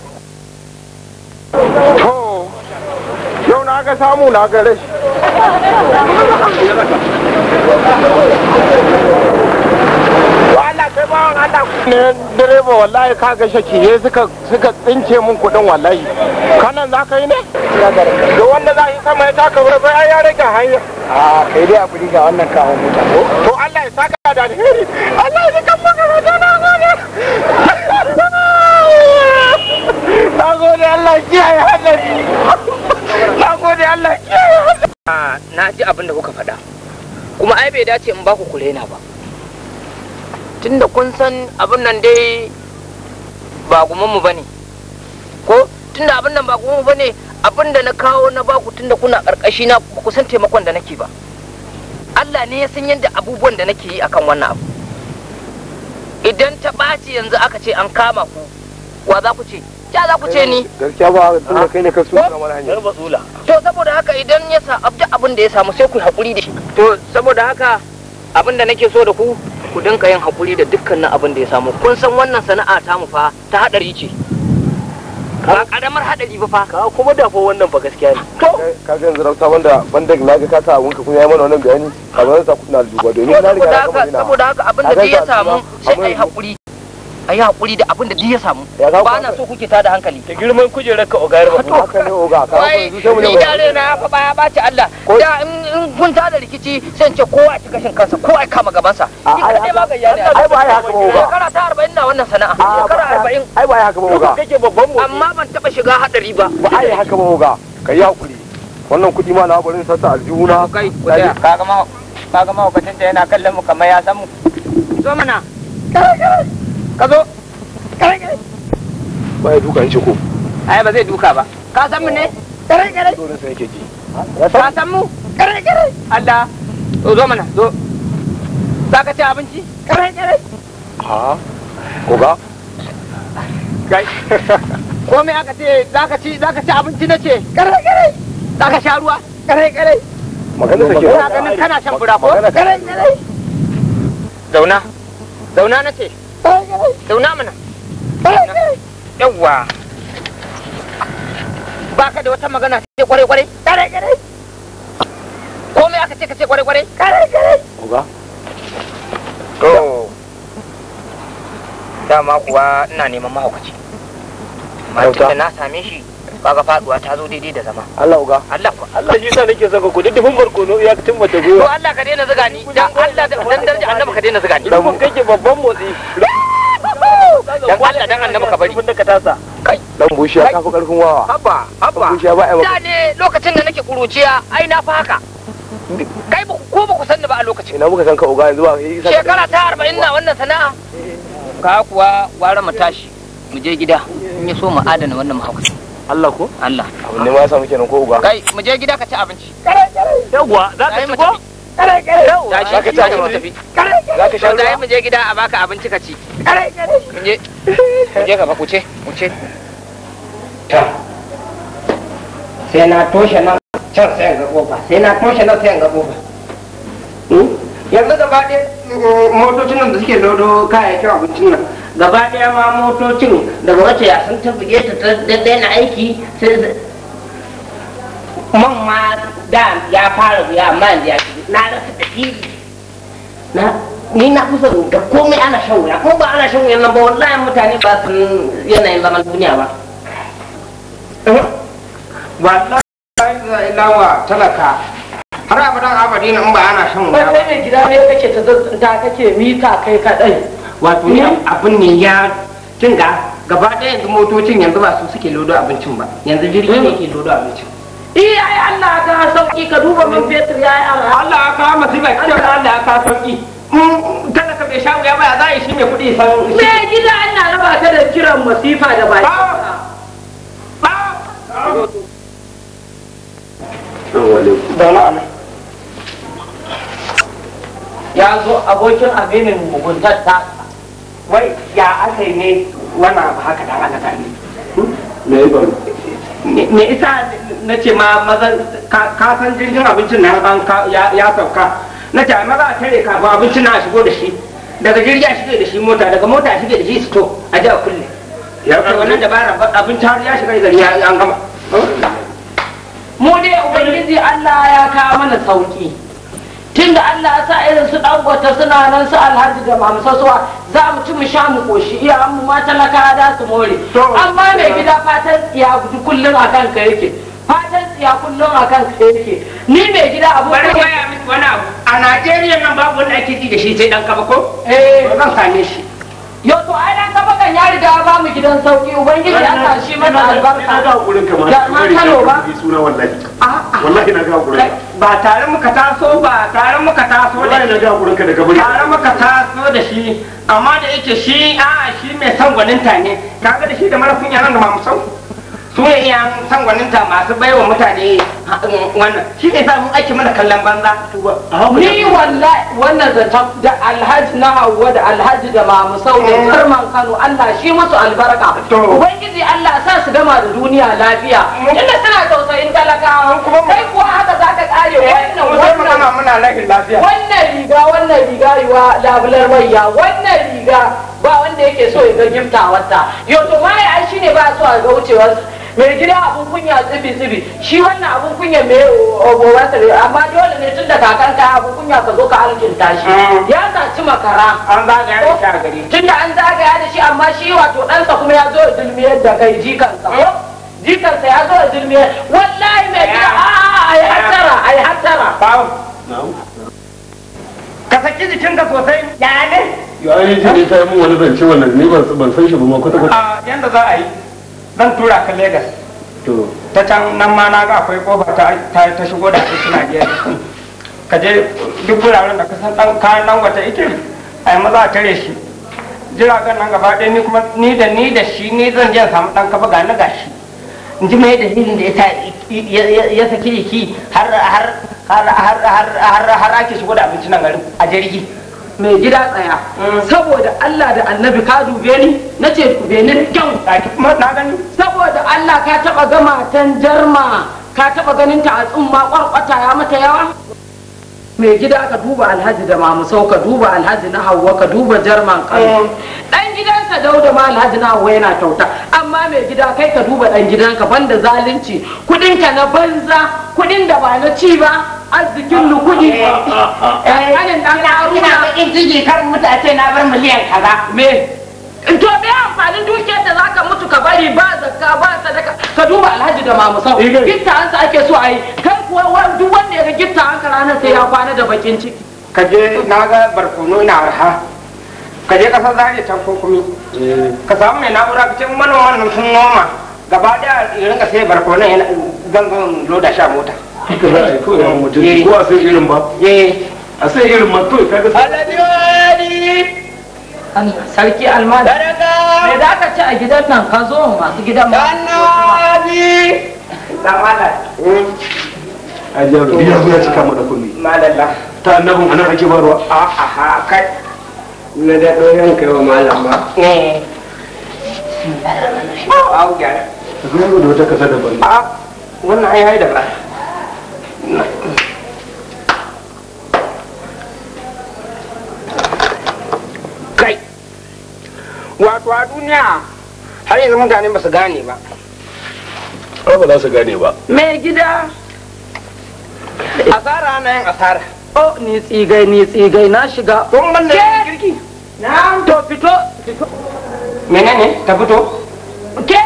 A: ka samu na ga rashi ne direba wallahi ka ga shakiye suka suka tsince mun kudin wallahi kanan za ka yi ne da wanda za yi sama ya taka wurin bai ya rage hanya a kai dai abu ga wannan kawo mota to Allah ya saka da alheri Allah ya kan maka mata na gode na gode Allah ya kiyaye hadari Allah ah, na ji abin da kuka faɗa kuma ai bai dace in ba ku kulena ba tunda kun san abin nan dai ba gumanmu mu bane ko tunda abin nan ba gumanmu mu bane, abin da na kawo na baku tunda kuna karkashi na ku san taimakon da nake ba Allah ne ya san yadda abubuwan da nake yi akan wannan abu idan ta ɓaci yanzu aka ce an kama ku wa za ku ce ya za ku ce ni gaskiya ba kai ne ka tsula to saboda haka idan ya sa abja abin da ya samu sai ku hakuri da shi to saboda haka abin da nake so da ku ku dinka yin hakuri da dukkanin abin da ya samu kun san wannan sana'a ta mu fa ta hadari ce ba kadamar hadari ba fa ka kuma da fa wannan ba gaskiya ne to ka ga yanzu rauta wanda banda ga ka abun ka kun yayi mana wannan bayani ka ba duba domin na riga saboda haka abin da ya samu sai ai hakuri a yi haƙuri da abin da duk ya samu ba na so kuke tada hankali da girman kujerar ka oga ba to haka ne oga ka wai ni da re na fa baya bace Allah da in kun tada rikici sai ce kowa a kashin kansa ko a kama gaban sa ni kadai ma gayya ne ai ba ya haka ba oga kana ta 40 na wannan sana'a kana 40 ai ba ya haka ba oga kake babban mu amma ban taba shiga hadari ba ba ai haka ba oga ka yi hakuri wannan kudi ma na barin sata aljihuna kai ka ga ma ka ga ma yana kallon mu kamar ya san mu zo mana ka zo kare kare ba ya duka ce ko ai ba zai duka ba ka san mu ne kare kare to sai ke ji ka san mu kare kare Allah to zo mana zo za ka ci abinci kare kare ha ko ga kai me aka ce za ka ci za ka ci abinci na ce kare kare za ka sha ruwa kare kare magana take kana ganin kana shan fura ko kare kare zauna zauna na ce Zauna Yawwa. Ba ka da wata magana sai kwarai-kwarai? Kwarai-kwarai. Komai aka ce ka ce kware-kware. Kwarai-kwarai. Uga. To. Dama kuwa ina neman mahaukaci. na same shi. kaga faduwa ta zo daidai da zama Allah uga Allah ku Allah shi sa nake zaka ku duddufin no ya tumma ta goyo to Allah ka daina zuga ni dan Allah dan darje annabi ka daina zuga ni kun kake babban motsi dan Allah dan annabi ka bari kun ka tasa kai dan bushiya ka fi karfin wawa haba haba bushiya ba ai ba ne lokacin da nake kuruciya ai na fa haka kai ko ba ku sanni ba a lokacin ina muka san ka uga yanzu ba shekara ta 40 na wannan sana'a eh. ka kuwa gwara mu tashi mu je gida in ya so mu adana wannan mahaukacin Allah ko? Allah. Abin ne ma muke kenan ko uba. Kai mu je gida ka ci abinci. Kare kare. Yawwa za ka ci ko? Kare kare. Yawwa za ka ci abinci. Kare kare. Za ka sha ruwa. mu je gida a baka abinci ka ci. Kare kare. Mu je. Mu je ba ku ce. Ku ce. Ta. Sai na toshe nan can sai ga kofa. Sai na toshe nan sai ga kofa. Hmm? yanzu gaba ɗaya mm, motocin nan da suke dodo kayayyakin abincin nan gaba ɗaya ma motocin daga wace ya sun ta buge ta daina aiki sai man ma da ya fara biya amma yanzu ya ce na rasa fili na ni na kusa da komai ana shan wuya kuma ba ana shan wuya nan ba wallahi mutane ba su yanayin zaman duniya ba wallahi ila wa talaka har abadan abadi na in ba ana shan wuya ba kai gida ne kake ta zazzanta kake mita kai kadai wato ni hmm? abin ne ya kinga gaba ɗaya yanzu motocin yanzu ba su suke lodo abincin ba yanzu jirgi ne hmm? ke lodo abincin iya ai Allah ka sauki ka duba man fetur ya yi ara Allah ka masifa kira Allah ka sauki kada ka bai sha wuya ba za a yi shi mai kuɗi san Me gida ana raba ta da kiran masifa da baki ba ba ba ya zo abokin aminin muguntar ta wai ya aka yi ne wana ba haka da ana gani me ba me isa na ce ma maza ka san jirgin abincin na ban ya sauka na ce maza a tare ka ba abincin na shigo da shi daga jirgi a shige da shi mota daga mota a shige da shi sto a ji a kulle ya ce wannan dabara abinci har ya shiga gari an gama hmm? mu dai ubangiji Allah ya kawo mana sauki tun da Allah ya sa irin su dangwata suna nan su alhaji da mamsa suwa za mu ci mu sha mu koshi iya an mu mata laka da su more amma mai gida fatan tsiya kullum a kan ka yake fatan tsiya kullum a kan ka yake ni mai gida abu bari waya miki wani abu a Najeriya nan babu wanda ake ji da shi sai dan kaba ko eh zan same shi yau to ai dan wannan ya riga ba mu gidan sauki ubangiji ya sa shi mana albarka ga gurin kamar da ma kano ba suna wallahi wallahi na ga gurin ba tare muka taso ba tare muka taso da na ga gurin ka daga tare muka taso da shi amma da yake shi a shi mai son gwaninta ne kaga da shi da marasun yaran da mamusan su ne san sangwaninta masu baiwa mutane wannan shi ne samun aiki mana kallon banza ni wannan zata da alhaji na hawa da alhaji da mamu sau da eh. kano allah shi musu albarka ubangiji allah sa su gama da duniya lafiya inda suna tausayin talakawa sai kuwa haka za ka kare eh, wannan wannan wannan riga wannan riga yiwa labular wayya wannan riga ba wanda yake so ya ga gimta wata yau to ma ya shi ne ba so a ga mai gida abun kunya tsibi tsibi shi wannan abun kunya mai obowa tsare amma dole ne tun da kakan ka abun kunya ka zo ka alkinta shi ah. ya zaci makara an ba da shi a gari tun da an zagaya da shi amma shi wato ɗansa kuma ya zo zulmiyar da kai jikansa ah. jikansa ya zo zulmiyar wallahi mai gida a yi ah, hattara a yi hattara ka saki jikinka sosai ya ne ya ne ji ne ta yi mun wani zance wannan ni ban san shi ba ma kwata-kwata yanda za a yi zan tura ka Legas. ta can nan ma na ga akwai kofa ta ta shigo da ake suna biyar ka je duk wuraren da ka san kayan nan wata ita ai maza a tare shi Jira ga nan gaba ɗaya ni kuma ni da ni da shi ni zan je samu dan kafa ga na gashi in ji mai dalilin da ita ya saki jiki har har har har har har ake shigo da abinci nan garin a jirgi mai gida tsaya mm. saboda Allah da annabi ka dube ni na ce dube ni kyau saboda Allah ka taba ga matan jarma ka taba ganin ta a tsumma kwarkwata ya mata yawa mai gida ka duba alhaji da mamusau ka duba alhaji na hawa ka duba jarman kano dan mm. gidansa dauda ma alhaji na hawa yana kyauta amma mai gida kai ka duba dan gidanka banda zalunci kudinka na banza kudin da ba na ci ba arzikin lukudi eh, kanin dan karu na bakin jiji kar mutace na bar miliyan kaza me to me amfanin dukiyar da zaka mutu ka bari ba zakka ba sadaka ka duba alhaji da mamusau eh, gitta hansa ake so ayi kai kuwa duk wanda ya ga gitta hanka ranar sai ya kwana da bakin ciki ka je na ga barkono ina arha ka je kasar zari can kumi, eh. ka samu mai na'ura ka ce manoman nan sun noma gaba daya irin ka sai barkono yana gangan loda sha mota haka za a yi kawai yawon mutum ko a sai irin ba a sai irin ma kawai kaga Allah sarki almada me za ka ci a gidan nan ka zo masu gidan ma danabi dan Allah hmm? a jaru biya zuwa cika mana kumi malalla ta annabin anan ake barwa a a ha kai na da doyan kai wa malam ba eh au gyara zuwa da wata kasa daban a wannan ai hai da ba kai wato a duniya har yanzu mutane ba su gane ba ba za su gane ba mai gida asara na yin asara o ni tsigai ni tsigai na shiga kun ban da kirki na to fito fito menene ta fito ke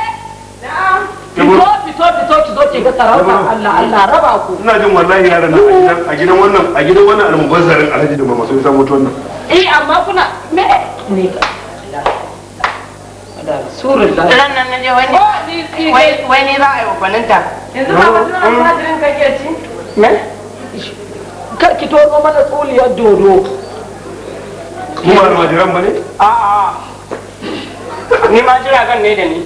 A: na'am fito fito fito ina jin wallahi yaran nan a gidan wannan a gidan wannan almubazzarin alhaji da mama sun samu to wannan eh amma kuna me ne ka da surun da ran nan ne wani oh, wai ne za a yi wa gwaninta yanzu ba wata ran hadirin kake ci me kar ki tono mana tsuliyar dodo mu ba almajiran ba ne a'a ni ma jira kan ne da ni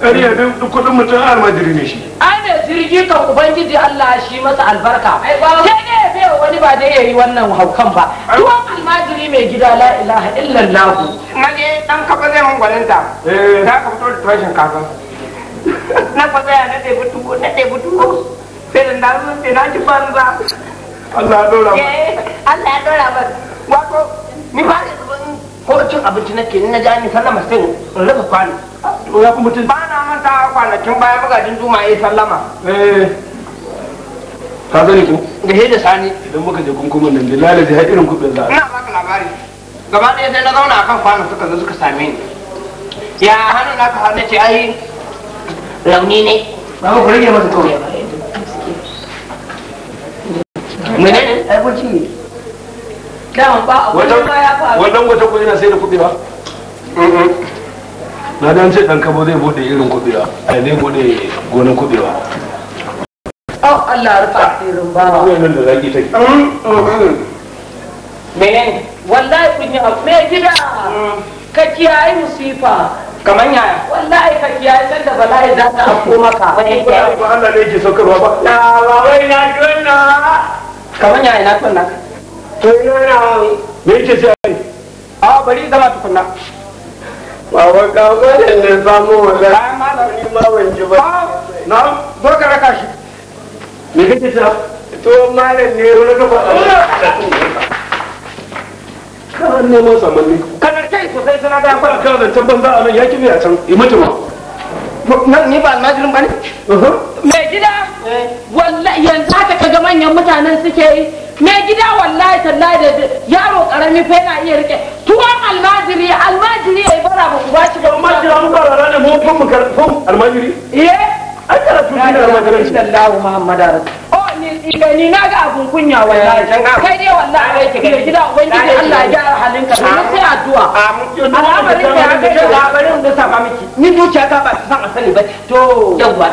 A: ƙariya da kudin mutum almajiri ne shi ai mai jirgi kan ubangiji Allah shi masa albarka sai ne ya bai wani ba ya yi wannan haukan ba tuwon almajiri mai gida la ilaha illallah maje dan kafa zai mun gwaninta eh. za ka fito da tashin kaza na fa tsaya na ɗebi tuwo na ɗebi tuwo sai da na sai na ci ba. Allah ya dora ba eh, Allah ya dora ba wato ni ba da ko cin abinci na ke ni na gani sallama sai in rufe kwano ya fi mutum ba na manta kwanakin baya magajin juma ya sallama eh, ka zane ko ga da sani idan muka je kunkumin nan bilal da irin kudin za ina baka labari gaba ɗaya sai na zauna akan kwanan suka zo suka same ni ya hannun naka hannu ce ai launi ne ba ku rage masa kawai mene ne ai kun ci dama ba a wata wata kuɗi na sai da kuɗi ba na dan ce dan kabo zai bude irin kubewa ai eh, zai bude gonan kubewa oh Allah rufa ba ba wai nan da zaki take menene wallahi kun yi abu me gida hmm. ka kiyaye musifa kamar yaya wallahi ka kiyaye san da bala'i za ta afko maka wani ba Allah ne ke saukarwa ba ya ba wai na gona kamar yaya na tonna to ina na me yake sai a ah, bari zama tukunna Baba ga waɗannan samu wala. Ai malam ni ma wanke ba. Ah, na zo ka raka shi. Me kake ta? To malam ne wani ka faɗa. Ah! Kana neman samanni. Kana kai sosai suna da kwara kana zancen banza a nan yaƙi ne a can. Imatu ma. nan ni ba almajirin bane mai gida wallahi yanzu haka kaga manyan mutanen suke yi mai gida wallahi tallahi da yaro karami fa yana iya rike tuwon almajiri almajiri ya yi bara ba ku ba shi ba almajiri an bara ne mu fun almajiri eh an karatu shi da madaran shi Allahu muhammad Rasul ni na ga abun kunya wallahi eh, kai dai wallahi kai gida ubangiji Allah ya gyara halinka mun sai addu'a al'amarin da aka yi labarin da saba miki ni dukiya ka ba san asali ba to yawa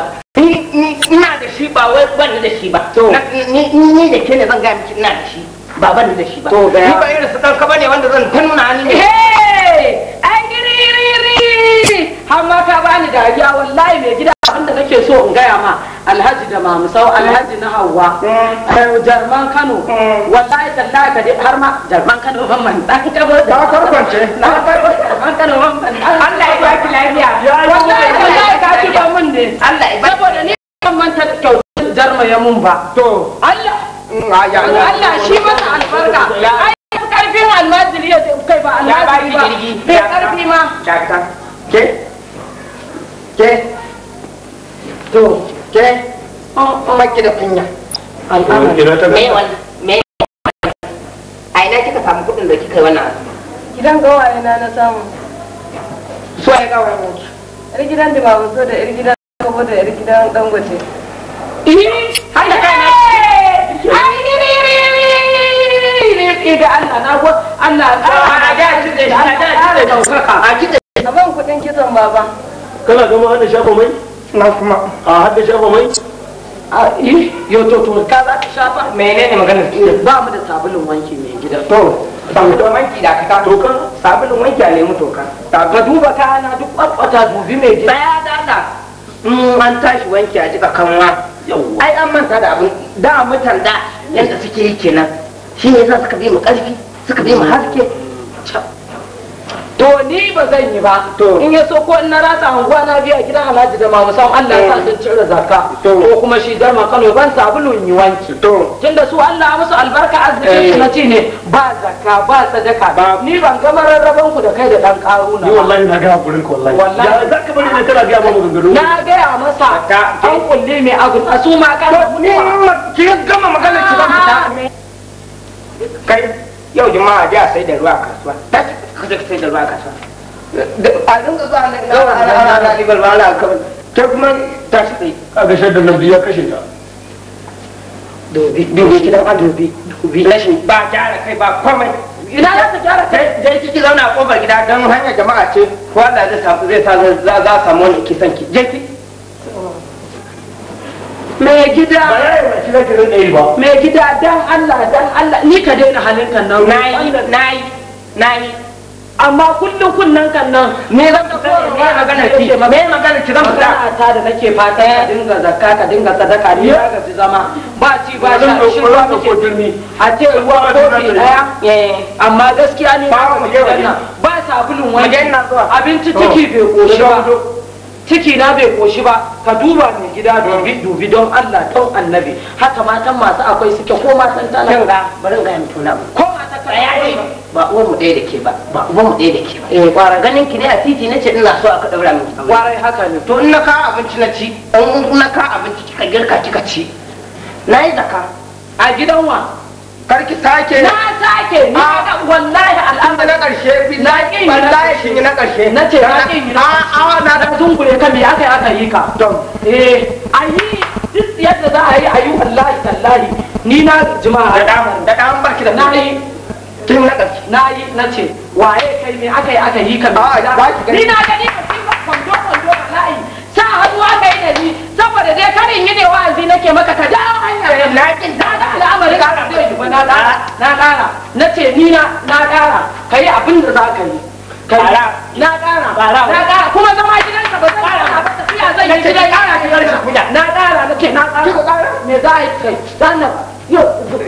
A: ina da shi ba wai ban da shi ba ni ni da ke ne zan ga miki ina da shi ba ban da shi ba to ga ni ba irin su kanka bane wanda zan ta nuna hannu eh ai giri giri har ma ka bani dariya wallahi mai gida nake so in gaya ma alhaji da mamusau eh. alhaji na hawa eh. eh, jarman kano wallahi tallahi ka har ma jarman kano ban man dan kabo da karkwance na jarman kano ban man Allah ya lafiya wallahi wallahi ka ci ban mun ne Allah ya saboda ni ban jarma ya mun ba to Allah mm, ah, Allah shi albarka karfin almajiri ya kai ba almajiri ba bai karfi ma ke ke to ke an maki da kunya al'amari me wannan me a ina kika samu kudin da kika wannan azumi gidan gawaye na na samu su ai gawaye ne yar gidan da babu so da yar gidan kabo da yar gidan dangote har da kana da Allah na go Allah ana da shi da ana da shi da daukaka a kida a ban kudin kitson baba kana ga mu hada shafa mai nan kuma a hadda shafa mai a yi eh, yau to to ka za ka shafa menene magana ba mu da sabulun wanki mai gida to sabulun wanki da ka toka sabulun wanki a nemi toka ka duba ka na duk kwakwata dubi mai gida ya dana in mm, an tashi wanki a jika kanwa ai an manta da abin da mutan da yadda suke yi kenan shi ne yasa suka bi mu karfi suka bi mu haske mm. to ni ba zan yi ba in ya so ko in na rasa an na biya gidan alhaji da mamu sam Allah ya sun cin zakka ko kuma shi darma kano ban sabulu yi wanki tunda su Allah musu albarka arzikin su eh. na ci ne ba zakka ba sadaka ni ban ga mararraban ku da kai da dan karuna ni wallahi na ga gurin ku wallahi ya zakka bari ne tara biya mamu gangaro na ga ya masa an kulle mai abun asuma kan ne ki gama magana ki ba kai yau juma'a a sai da ruwa kasuwa ta kaje ka sai da ruwa kasuwa a dinga zuwa na na na libar ba na kawai kuma ta shi tsaye a ga nan biya kashe ta dobi dobi a dobi dobi rashin ba gyara kai ba komai ina za ta gyara kai je kiki zauna a kofar gida don hanyar jama'a ce ko zai sa zai za samu wani kisan ki mai gida mai gida dan Allah dan Allah ni ka daina halin kan nan nayi nayi nayi amma kullum kunnan kan nan me zan ka ne magana ki me magana ki zan fita ta da nake fata ka eh. dinga zakka ka dinga sadaka ni ga fi zama ba ci ba sha shi ruwa ko turmi a ce ruwa kofi daya eh. amma gaskiya ne ba sabulun wani abinci ciki bai koshi ba ciki na bai koshi ba ka duba mai gida dubi dubi don Allah don annabi haka matan masu akwai suke ko matan tana kin bari ga mutum na ko matan ya yi ba uwan mu ɗaya da ke ba ba uwan mu ɗaya da ke ba eh kwara ganin ki ne a titi ce ina so aka daura min kwara haka ne to in na ka abinci na ci in na ka abinci kika girka kika ci na yi zaka a gidan wa karki take na take ni ah. ga wallahi al'amma na karshe bi na wallahi shi na karshe na ce na yi a a na da ah, ah, zungure ka me aka aka yi ka don eh ayi duk yadda za a yi ayi wallahi tallahi ni na jima'a da dan da dan barki da nayi kin na karshe nayi na ce waye kai me aka yi aka yi ka ni na gani ka kin kwando kwando wallahi sa hannu aka yi da ni saboda dai karin yi ne wa'azi nake maka ka dawo hanyar na kin da da al'amarin ka zai yi na dara na dara na ce ni na na dara ka yi abin da za ka yi na dara na dara kuma zama gidan gidanka ba zan dara ba tafiya zai yi gidan dara ki garin kunya na dara na ce na dara me za a yi kai dan nan yo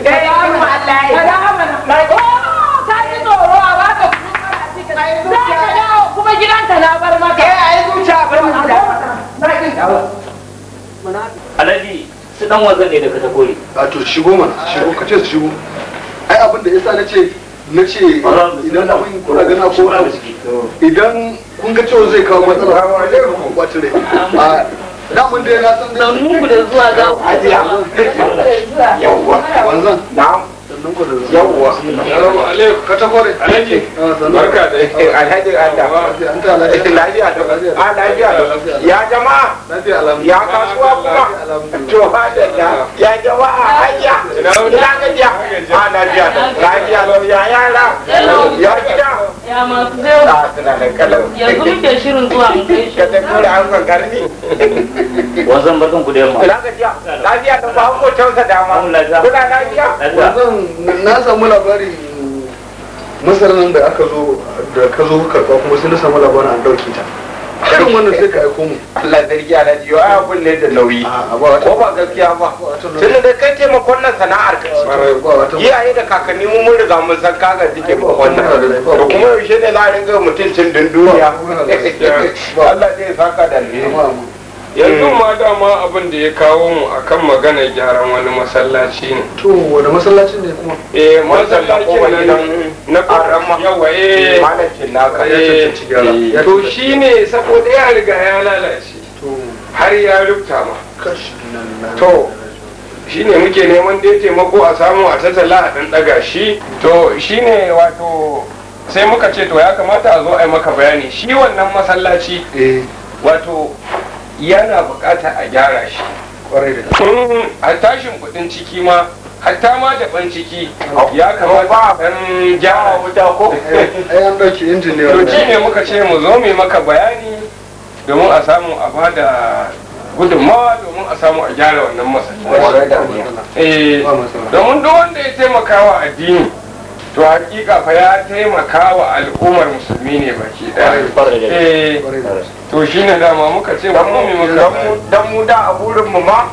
A: da ya yi wa Ka da mana oh ka ji tsoro a baka kuma ka dawo kuma gidanka na bar maka eh ai zuciya bar maka na kin dawo Alhaji su dan wasan ne daga ka takori. A to shigo mana shigo ka ce su shigo. Ai abin da yasa na ce idan abin kuna gana ko idan kun ga cewa zai kawo matsala wata rai. Na mun dai na san dai. Na muku da zuwa ga. Ajiya. Yawwa. Wanzan. Na'am. yawwa alaikum alhaji ah, barka da ah, alhaji a lafiya ah, da ya jama'a ya kasuwa kuma to ba da ya jama'a hayya ina a lafiya da ya yara ya gida ya tunanin kalau yanzu muke shirin zuwa kai shi ka ta an kan barkan ku da yamma lafiya da ba ku tausa lafiya na samu labari masar nan da aka zo da ka zo karɓa kuma sai na samu labarin an ɗauke ta irin wannan sai ka yi mu Allah zargi ala jiyo a abun ne da nauyi ko ba gaskiya ba tun da kai taimakon nan sana'ar ka iyaye da kakanni mu mun riga mun san kaga dike ba wannan da kuma yaushe ne za a ringa mutuncin dunduniya Allah zai saka da alheri yanzu ma dama abin da ya kawo mu akan magana gyaran wani masallaci ne to wani masallaci ne kuma eh masallaci ne na karamma yawa eh, eh malakin ka ya eh, ci gyara eh. to shine saboda ya riga ya lalace har ya rubuta ma to shine muke neman da ya mako a samu a tattala a dan daga shi to shine wato sai muka ce to ya kamata a zo a yi maka bayani shi wannan masallaci wato yana bukata a gyara shi kwarai da mm. a tashin kuɗin ciki ma hatta ma da ban ciki ya oh, oh, kamata ɗan gyara oh, wuta ko eh, ɗauki injiniya to ne muka ce mu zo mai maka bayani domin a samu a ba da gudunmawa domin a samu a gyara wannan masallaci eh, domin duk wanda ya taimaka wa addini to hakika fa ya taimaka wa al'ummar musulmi ne baki ɗaya eh, to shine dama muka ce mu mu da mu da a burin mu ma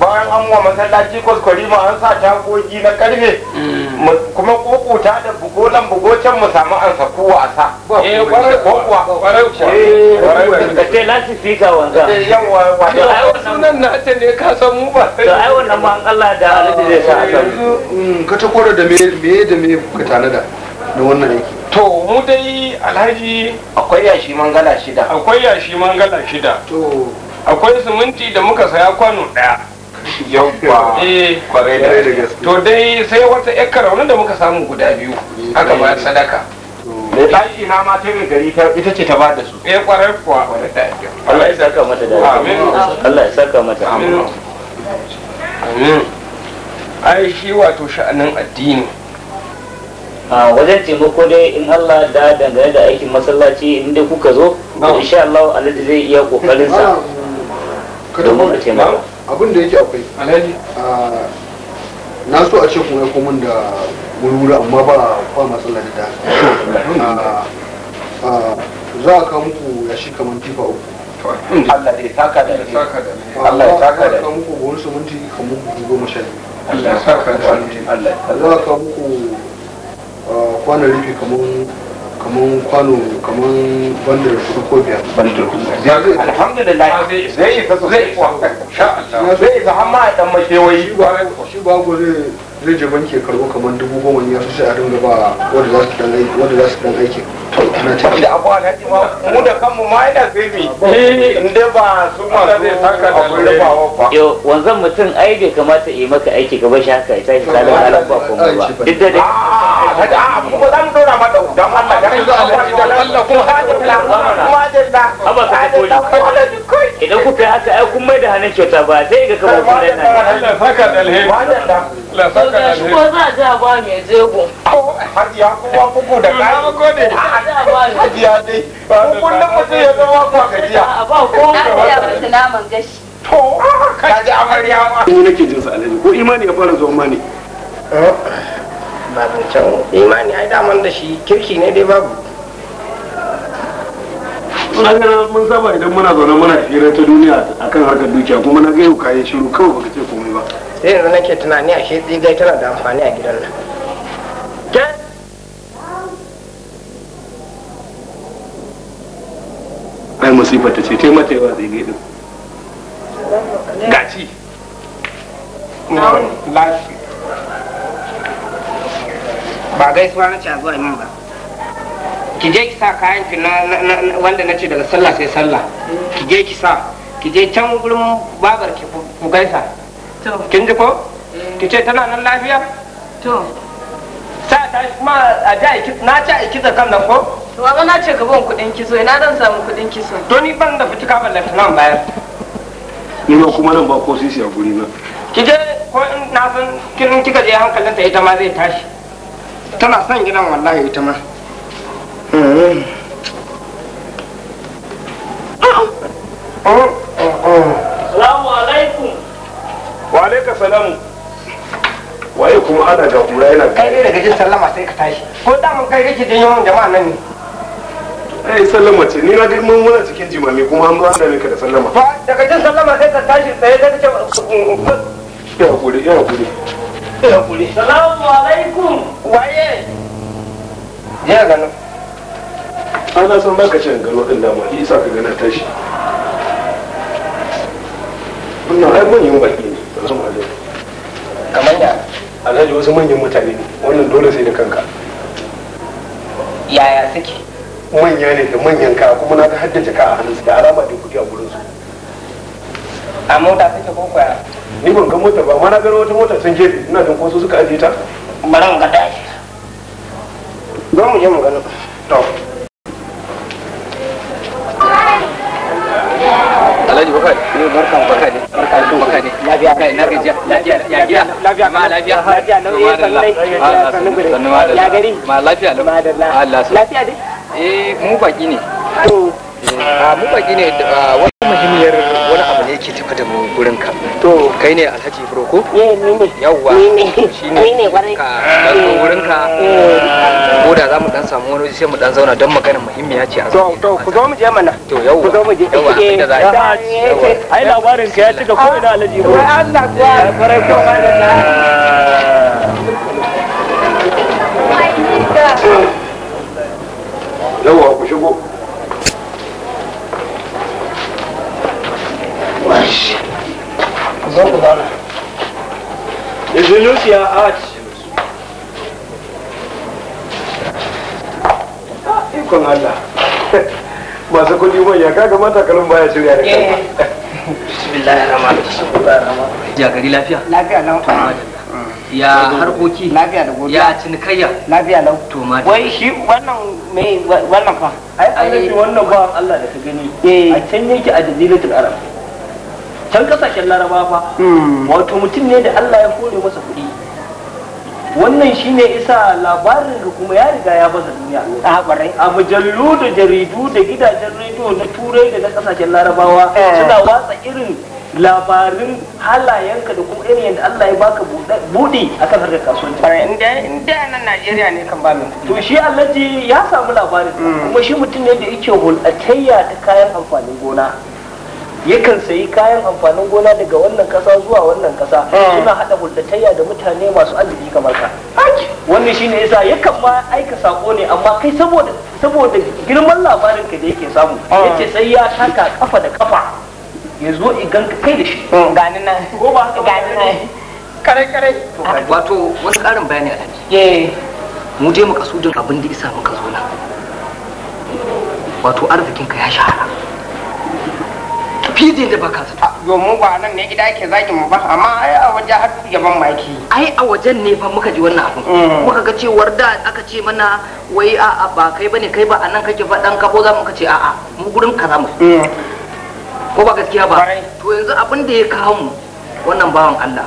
A: bayan an wa masallaci kwaskwari ma an sa tagogi na karfe mm. kuma koko ta da bugo nan bugo can mu samu an saku wasa eh kwarai kuwa kwarai kuwa da ke na ci fika wanga eh, yawa wato ai wannan na ta ne ka san mu ba to ai wannan ma Allah da ah, alaji zai sa yanzu mm, ka ta kora da me me da me ka tanada da wannan yake to mu dai alhaji akwai yashi mangala shida akwai yashi mangala shida to akwai siminti da muka saya kwano daya yawwa eh. kwarai da gaske to dai sai wata yar karaunin da muka samu guda biyu aka ba sadaka da ɗaki na ma ta gari ita ce ta ba da su eh kwarai kuwa Allah ya saka mata da amin Allah ya saka mata amin amin ai shi wato sha'anin addini a wajen taimako dai in Allah da dangane da aikin masallaci inda kuka zo insha Allah Allah zai iya kokarin sa kada mu taimaka abin da yake akwai alhaji ah, na so a ce kuma ya komin da wurwuri amma ba ba matsala da ah, ah, za a kawo muku yashi kamar tifa uku Allah ya saka da ni Allah ya saka da ni muku buhun suminti kamar buhu goma sha Allah ya saka da ni Allah ya saka muku kwanan rufe kamar kaman kwano kaman bandar kudu ko biyar bandar kudu alhamdulillah zai isa sosai zai isa har ma a dan makewayi shi ba gore zai je banki ya karbo kamar dubu goma ne sai a dinga ba wanda za su dan aiki wanda za su dan aiki ana ta da abu alhaji ma mu da kanmu ma yana zai eh. inda ba su ma zai saka da rubawa ba yo wanzan mutum ai bai kamata yi maka aiki ka bar shi haka ya tashi salon halin ba kuma ba duk da dai a kuma za mu dora ma da Dan Allah garin da Allah kuma hadilla kuma hadilla amma ka koyi idan kuka yi haka ai kun mai da hannun kyauta ba sai ga kamar kun da na Allah saka da alheri to ga shi ko za a ji ba mai jego hajiya kuma kuku da kayan na gode hajiya dai kullum mutum ya zama ba gajiya ba ko ba naman gashi to ka ji amarya ma ni nake jin sa alaji ko imani ya fara zuwa mani eh, ba can imani ai daman da shi kirki ne dai babu an mun saba idan muna zaune muna hira ta duniya akan harkar dukiya kuma na ga yau kayan shiru kawai baka ce komai ba sai yanzu nake tunani a shi tsigai tana da amfani a gidan nan ai musibar ta ce te mata yawa zai gaidu gaci ba gaisuwa na ce a zuwa min ba ki je ki sa kayan ki na wanda na ce daga sallah sai sallah ki je ki sa ki je can gurin babar ki ku gaisa kin ji ko ki ce tana nan lafiya to sa ta kuma a ki na ta a kiza kan nan ko to amma na ce gaban kudin kiso ina zan samu kudin kiso to ni ban da fitika ban da nan bayar ni ma kuma nan ba ko sisi a guri na ki je ko in na san kin kika je hankalin ta ita ma zai tashi tana son gidan wallahi ita ma Mm-hmm. mm-hmm. alaika salamu waye kuma ana ga kura yana kai ne daga jin sallama sai ka tashi ko da mun kai kake jin yawan jama'a nan ne eh sallama ce ni na ga mun muna cikin jimami kuma an ba ne ka da sallama ba daga jin sallama sai ka tashi sai ka ce ya hakuri ya hakuri ya hakuri salamu alaikum waye ya gano ana son baka cin gano din dama isa ka gana tashi wannan ai mun yi baki sun aje kamar da alhaji wasu manyan mutane wannan dole sai da kanka yaya suke manya ne da manyan ka kuma na ga haddace ka a hannunsu da alama da kudi a gurinsu a mota suke ko kwaya ni ban ga mota ba amma na gano wata mota sun gefe ina jin ko suka ajiye ta bari mu ga tashi Don mu je mu gano to alhaji bakar ne barkan bakar ne barkan bakar lafiya kai na gajiya ya gida lafiya ma lafiya lafiya na eh sallai sannu ma ah, ya gari ma lafiya lau ah, Allah lafiya dai eh mu baki ne to eh, ah, mu baki ne wata muhimmiyar ke tafi da mu gurin ka to kai ne alhaji Furo ko yawwa shi ne ka gurin ka eh. ko da zamu dan samu wani sai mu dan zauna don magana muhimmiya ce to to ku zo mu je mana to yawwa ku zo mu je yawwa inda za a eh, eh, ai labarin ka ya cika ko ina alhaji ai Allah kuwa farai ko Allah yawwa ku shigo zo ikon Allah masu kudi manya kaga mata kalin baya shirya da kai bismillahir rahmanir rahim ya gari lafiya lafiya lau hmm. ya harkoki lafiya da godiya ya cinikayya lafiya lau to ma wai shi wannan me wannan fa ai annabi wannan ba Allah da ka gani eh. a can yake a jazilatul arab can kasashen laraba fa hmm. wato mutum ne da Allah ya kore masa kuɗi wannan shi ne isa labarin da kuma ya riga ya baza duniya a mujallu da jaridu da gidajen rediyo na turai da na kasashen larabawa eh. suna watsa irin labarin halayenka da kuma irin yadda Allah ya baka buɗe a kan harkar kasuwanci. In da nan Najeriya ne kan ba min. To shi Alhaji ya samu labarin hmm. kuma shi mutum ne da yake hulɗatayya ta kayan amfanin gona. yakan sayi kayan amfanin gona daga wannan kasa zuwa wannan kasa ah. suna hada hulɗatayya da mutane masu arziki kamar ka
B: wannan shine yasa yakan
A: ma aika sako ne amma kai saboda saboda girman labarin ka da yake samu ah. yace sai ya taka kafa da kafa ya zo igan ka kai da shi hmm. gani nan ko ba haka gani nan kare kare wato wani karin bayani alhaji mu je mu din abin da isa muka zo nan wato arzikin ka ya shahara fijin da baka zata ah, domin ba nan ne gida ake zagin mu ba amma ai a waje har gaban maki ai a wajen ne fa muka ji wannan abu mm. muka ga cewar da aka ce mana wai a'a ba kai bane kai ba a nan kake ka ko za mu kace ce a'a mu gurin ka za mu mm. ko ba gaskiya ba to yanzu abin da ya kawo mu wannan bawan Allah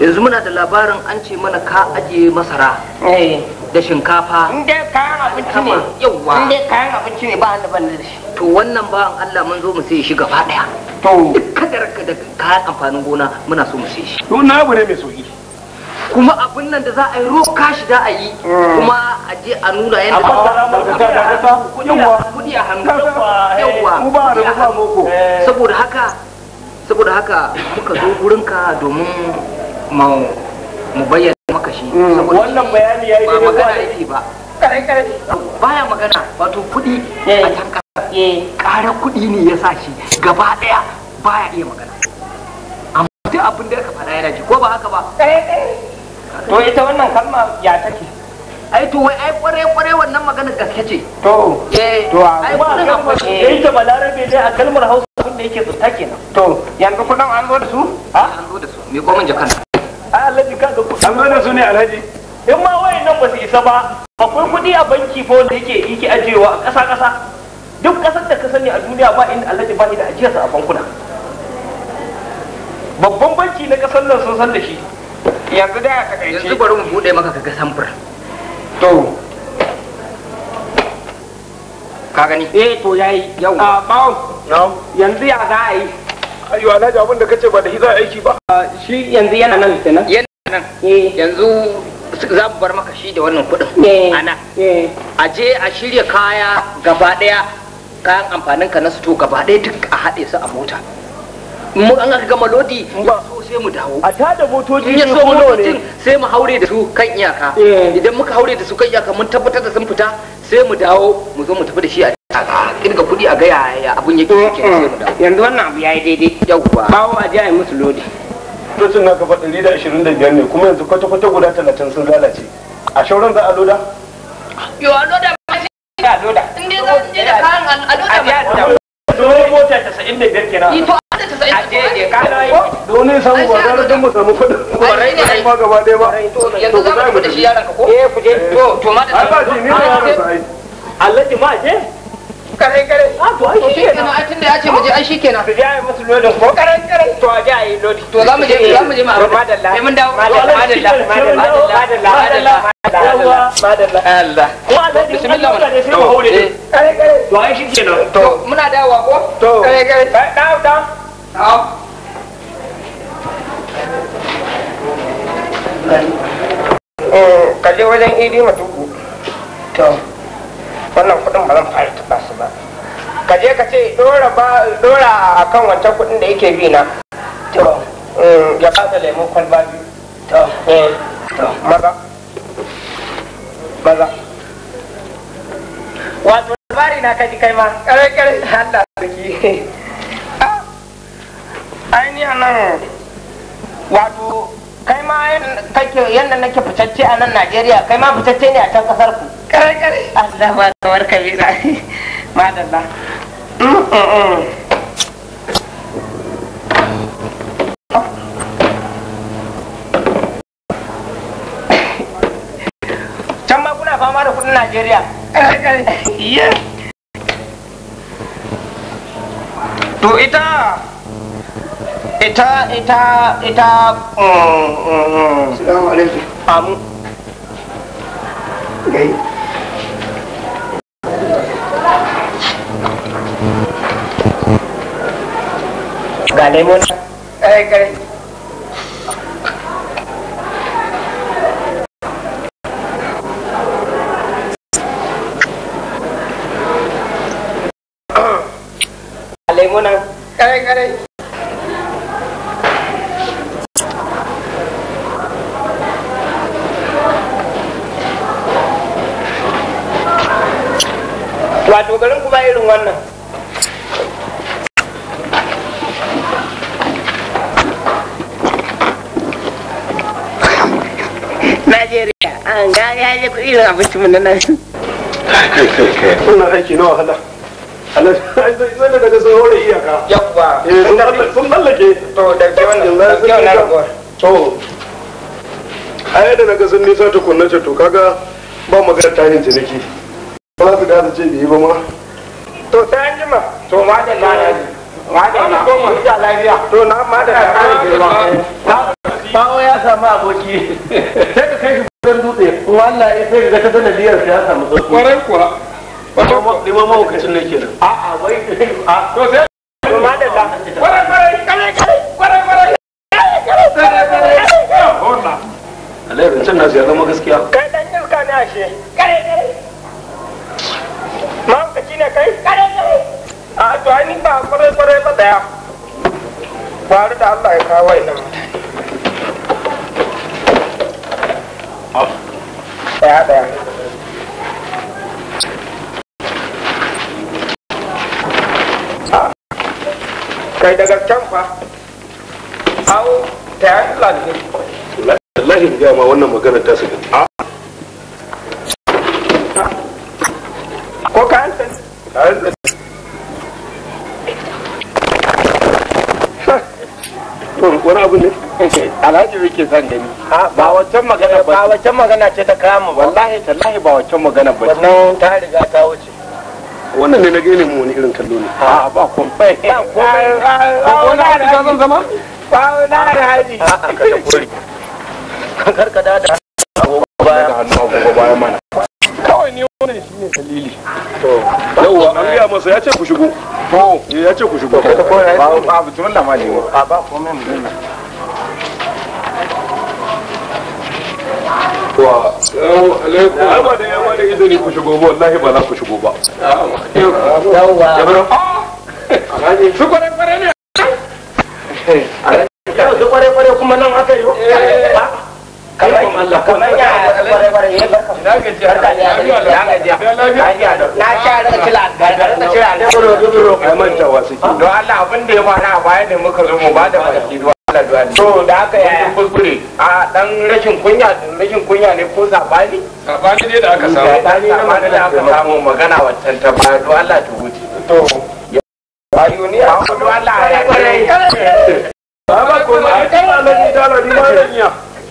A: yanzu muna da labarin an ce mana ka ajiye masara eh. da shinkafa in dai kayan abinci ne yawa in dai kayan abinci ne ba da banda shi to wannan ba an Allah mun zo mu sai shi gaba daya to duk kadar da kayan amfanin gona muna so mu sai shi to na abu mai soki kuma abin nan da za a yi roka shi da a yi hmm. kuma a je a nuna yadda ba za mu ga da ta kudi a hannu yawa da eh, a moko eh. saboda haka saboda haka muka zo gurinka domin mu bayyana wannan bayani ya yi daidai ba aiki ba kare baya magana wato kuɗi a can eh. ƙasa eh. ƙara kuɗi ne ya sa shi gaba ɗaya baya iya magana amma duk abin da ka faɗa yana ji ko ba haka ba to ita wannan kalma ya take ai to wai ai kware kware wannan maganar gaske ce to eh. to ai ba kan ba eh ta balarabe dai a kalmar Hausa abin da yake tsunta kenan to yanzu kudan an zo da su a an zo da su me gomin jakan an zo da su ne alhaji in ma wayan nan ba su isa ba akwai kuɗi a banki fa wanda yake yake ajiyewa a ƙasa ƙasa duk ƙasar da ka sani a duniya ba inda alhaji ba da ajiyarsa a bankuna babban banki na ƙasar nan sun san da shi yanzu da ya takaice yanzu bari mu buɗe maka kaga samfur to ka gani eh to yayi yau a ah, bawo yanzu ya za a yi ayo alhaji abin da kace ba da shi za aiki ba ah, shi yanzu yana nan kenan yanzu za mu bar maka shi da wannan kuɗin ana a je a shirya kaya gaba kayan amfanin ka na su to gaba duk a haɗe su a mota mu an aka gama lodi so sai mu dawo a tada motoci ne so motocin sai mu haure da su kan iyaka idan muka haure da su kan iyaka mun tabbatar da sun fita sai mu dawo mu zo mu tafi da shi a kirga kuɗi a ga yaya abun yake yanzu wannan abu yayi daidai yauwa bawo a je a yi musu lodi filotun na gaba 125 ne kuma yanzu kwata-kwata guda 30 sun lalace a shauran za a loda? yo a loda ba shi a loda inda za su je da kayan a loda ba dole mota 95 kenan to a da 90 a je ne kana yi dole samu ba da rajin mu samu kudin kwarai ne ba gaba ɗaya ba yanzu za mu da shi yaran ka ko eh ku je eh. to to ma da ba ji ni ne yaran ka Allah ji ma je karai karai a ah, to ai ya ce ai musu lodin ko karai karai to a je a yi lodi to za mu je za mu je ma madalla sai mun dawo madalla madalla madalla madalla madalla madalla bismillah eh. karai karai to ai to muna ko to karai karai dawo dawo dawo eh, wajen idi matuku to wannan kuɗin ba zan fara taɓa su ba ka je ka ce dora a kan wancan kuɗin da yake bi na mm, ya kasa lemun kwalba biyu eh, maza maza wato labari na kaji kai ma kare-kare Allah sarki ah, ainihin nan wato kai ma kake yanda nake fitacce a nan Najeriya kai ma fitacce ne a can kasar ku kare kare Allah ba kamar kabira madalla can ma kuna fama da kudin Najeriya kare kare to ita ita ita ita mm, mm, mm. amu to garin ku ba irin wannan Najeriya, an ga ya je ku da abinci mun nan. Kai kai kai. Kuna aiki na wahala. Allah sai da daga sun hore iyaka. Yawwa. Eh, sun mallake. To da ke wannan, da ke wannan To. Ai da daga sun nisa tukunna ce to kaga ba magana tarin ciniki. za su gada ce bi ba ma to ta yi jima to ma da ma da
B: ma da ma
A: lafiya to na ma da ka ba bawo ya samu aboki sai ka kai shi gudan dutse kuma ya sai ga ta sanadiyar ya samu sauki kwarai kuwa ma mahaukacin ne kenan. A'a wai a to sai ma da ka kwarai kwarai kwarai kwarai kwarai Allah ya rancen nasu ya zama gaskiya. Kai dan iska ne ashe. Kai ne kai a to ni ba kwarai kwarai ba daya bari da Allah ya kawo ina daya daya kai daga can fa au ta yi ga wannan magana ta ah! wani abu ne alhaji rike son gani ba magana ce ta kama ba wallahi tallahi ba wancan magana ba wannan ta riga ta wuce wannan ne na gane mu wani irin kallo ne a ba komai ba komai ba wani hadi ka zan zama ba wani hadi hadi ka da kuri ba ba ba agogo ba ba ba mana wannan shine dalili to an gaya masa ya ce ku shigo to eh, ya ce ku shigo ka koya ba ba mutum a ba komai mu wa alaikum da yawa da izini ku shigo ba wallahi ba za ku shigo ba a ah! kuma nan aka yi kamar kamar ya bare bare ya barka na a rika a da duro duro ai Allah abin da ya baya ne muka zo ba Allah da haka ya kuskure a dan rashin kunya rashin kunya ne ko sabani sabani ne da aka samu sabani ne da aka samu magana wancan ta ba. don Allah ta huce to ayuni a don Allah ya bare Baba kuma kai Allah ni dala ni ma danya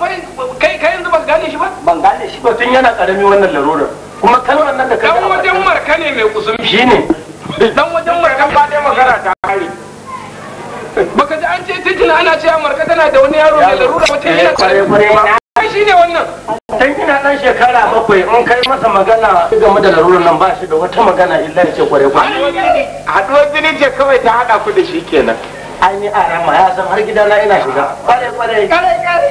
A: kai kai yanzu baka gane shi ba ban gane shi ba tun yana karami wannan larurar kuma kalmar nan da kai dan wajen marka ne mai kusum shine dan wajen marka ba dai magana ta kare baka ji an ce titina ana cewa marka tana da wani yaro da larura ba tun yana karami eh, ai shine wannan tun ina dan shekara bakwai in kai masa magana game da larurar nan ba shi da wata magana illa ya ce kware kware haduwar jini ce kawai ta haɗa ku da shi kenan an yi arama ya san har gidana ina shiga kware kware kare kare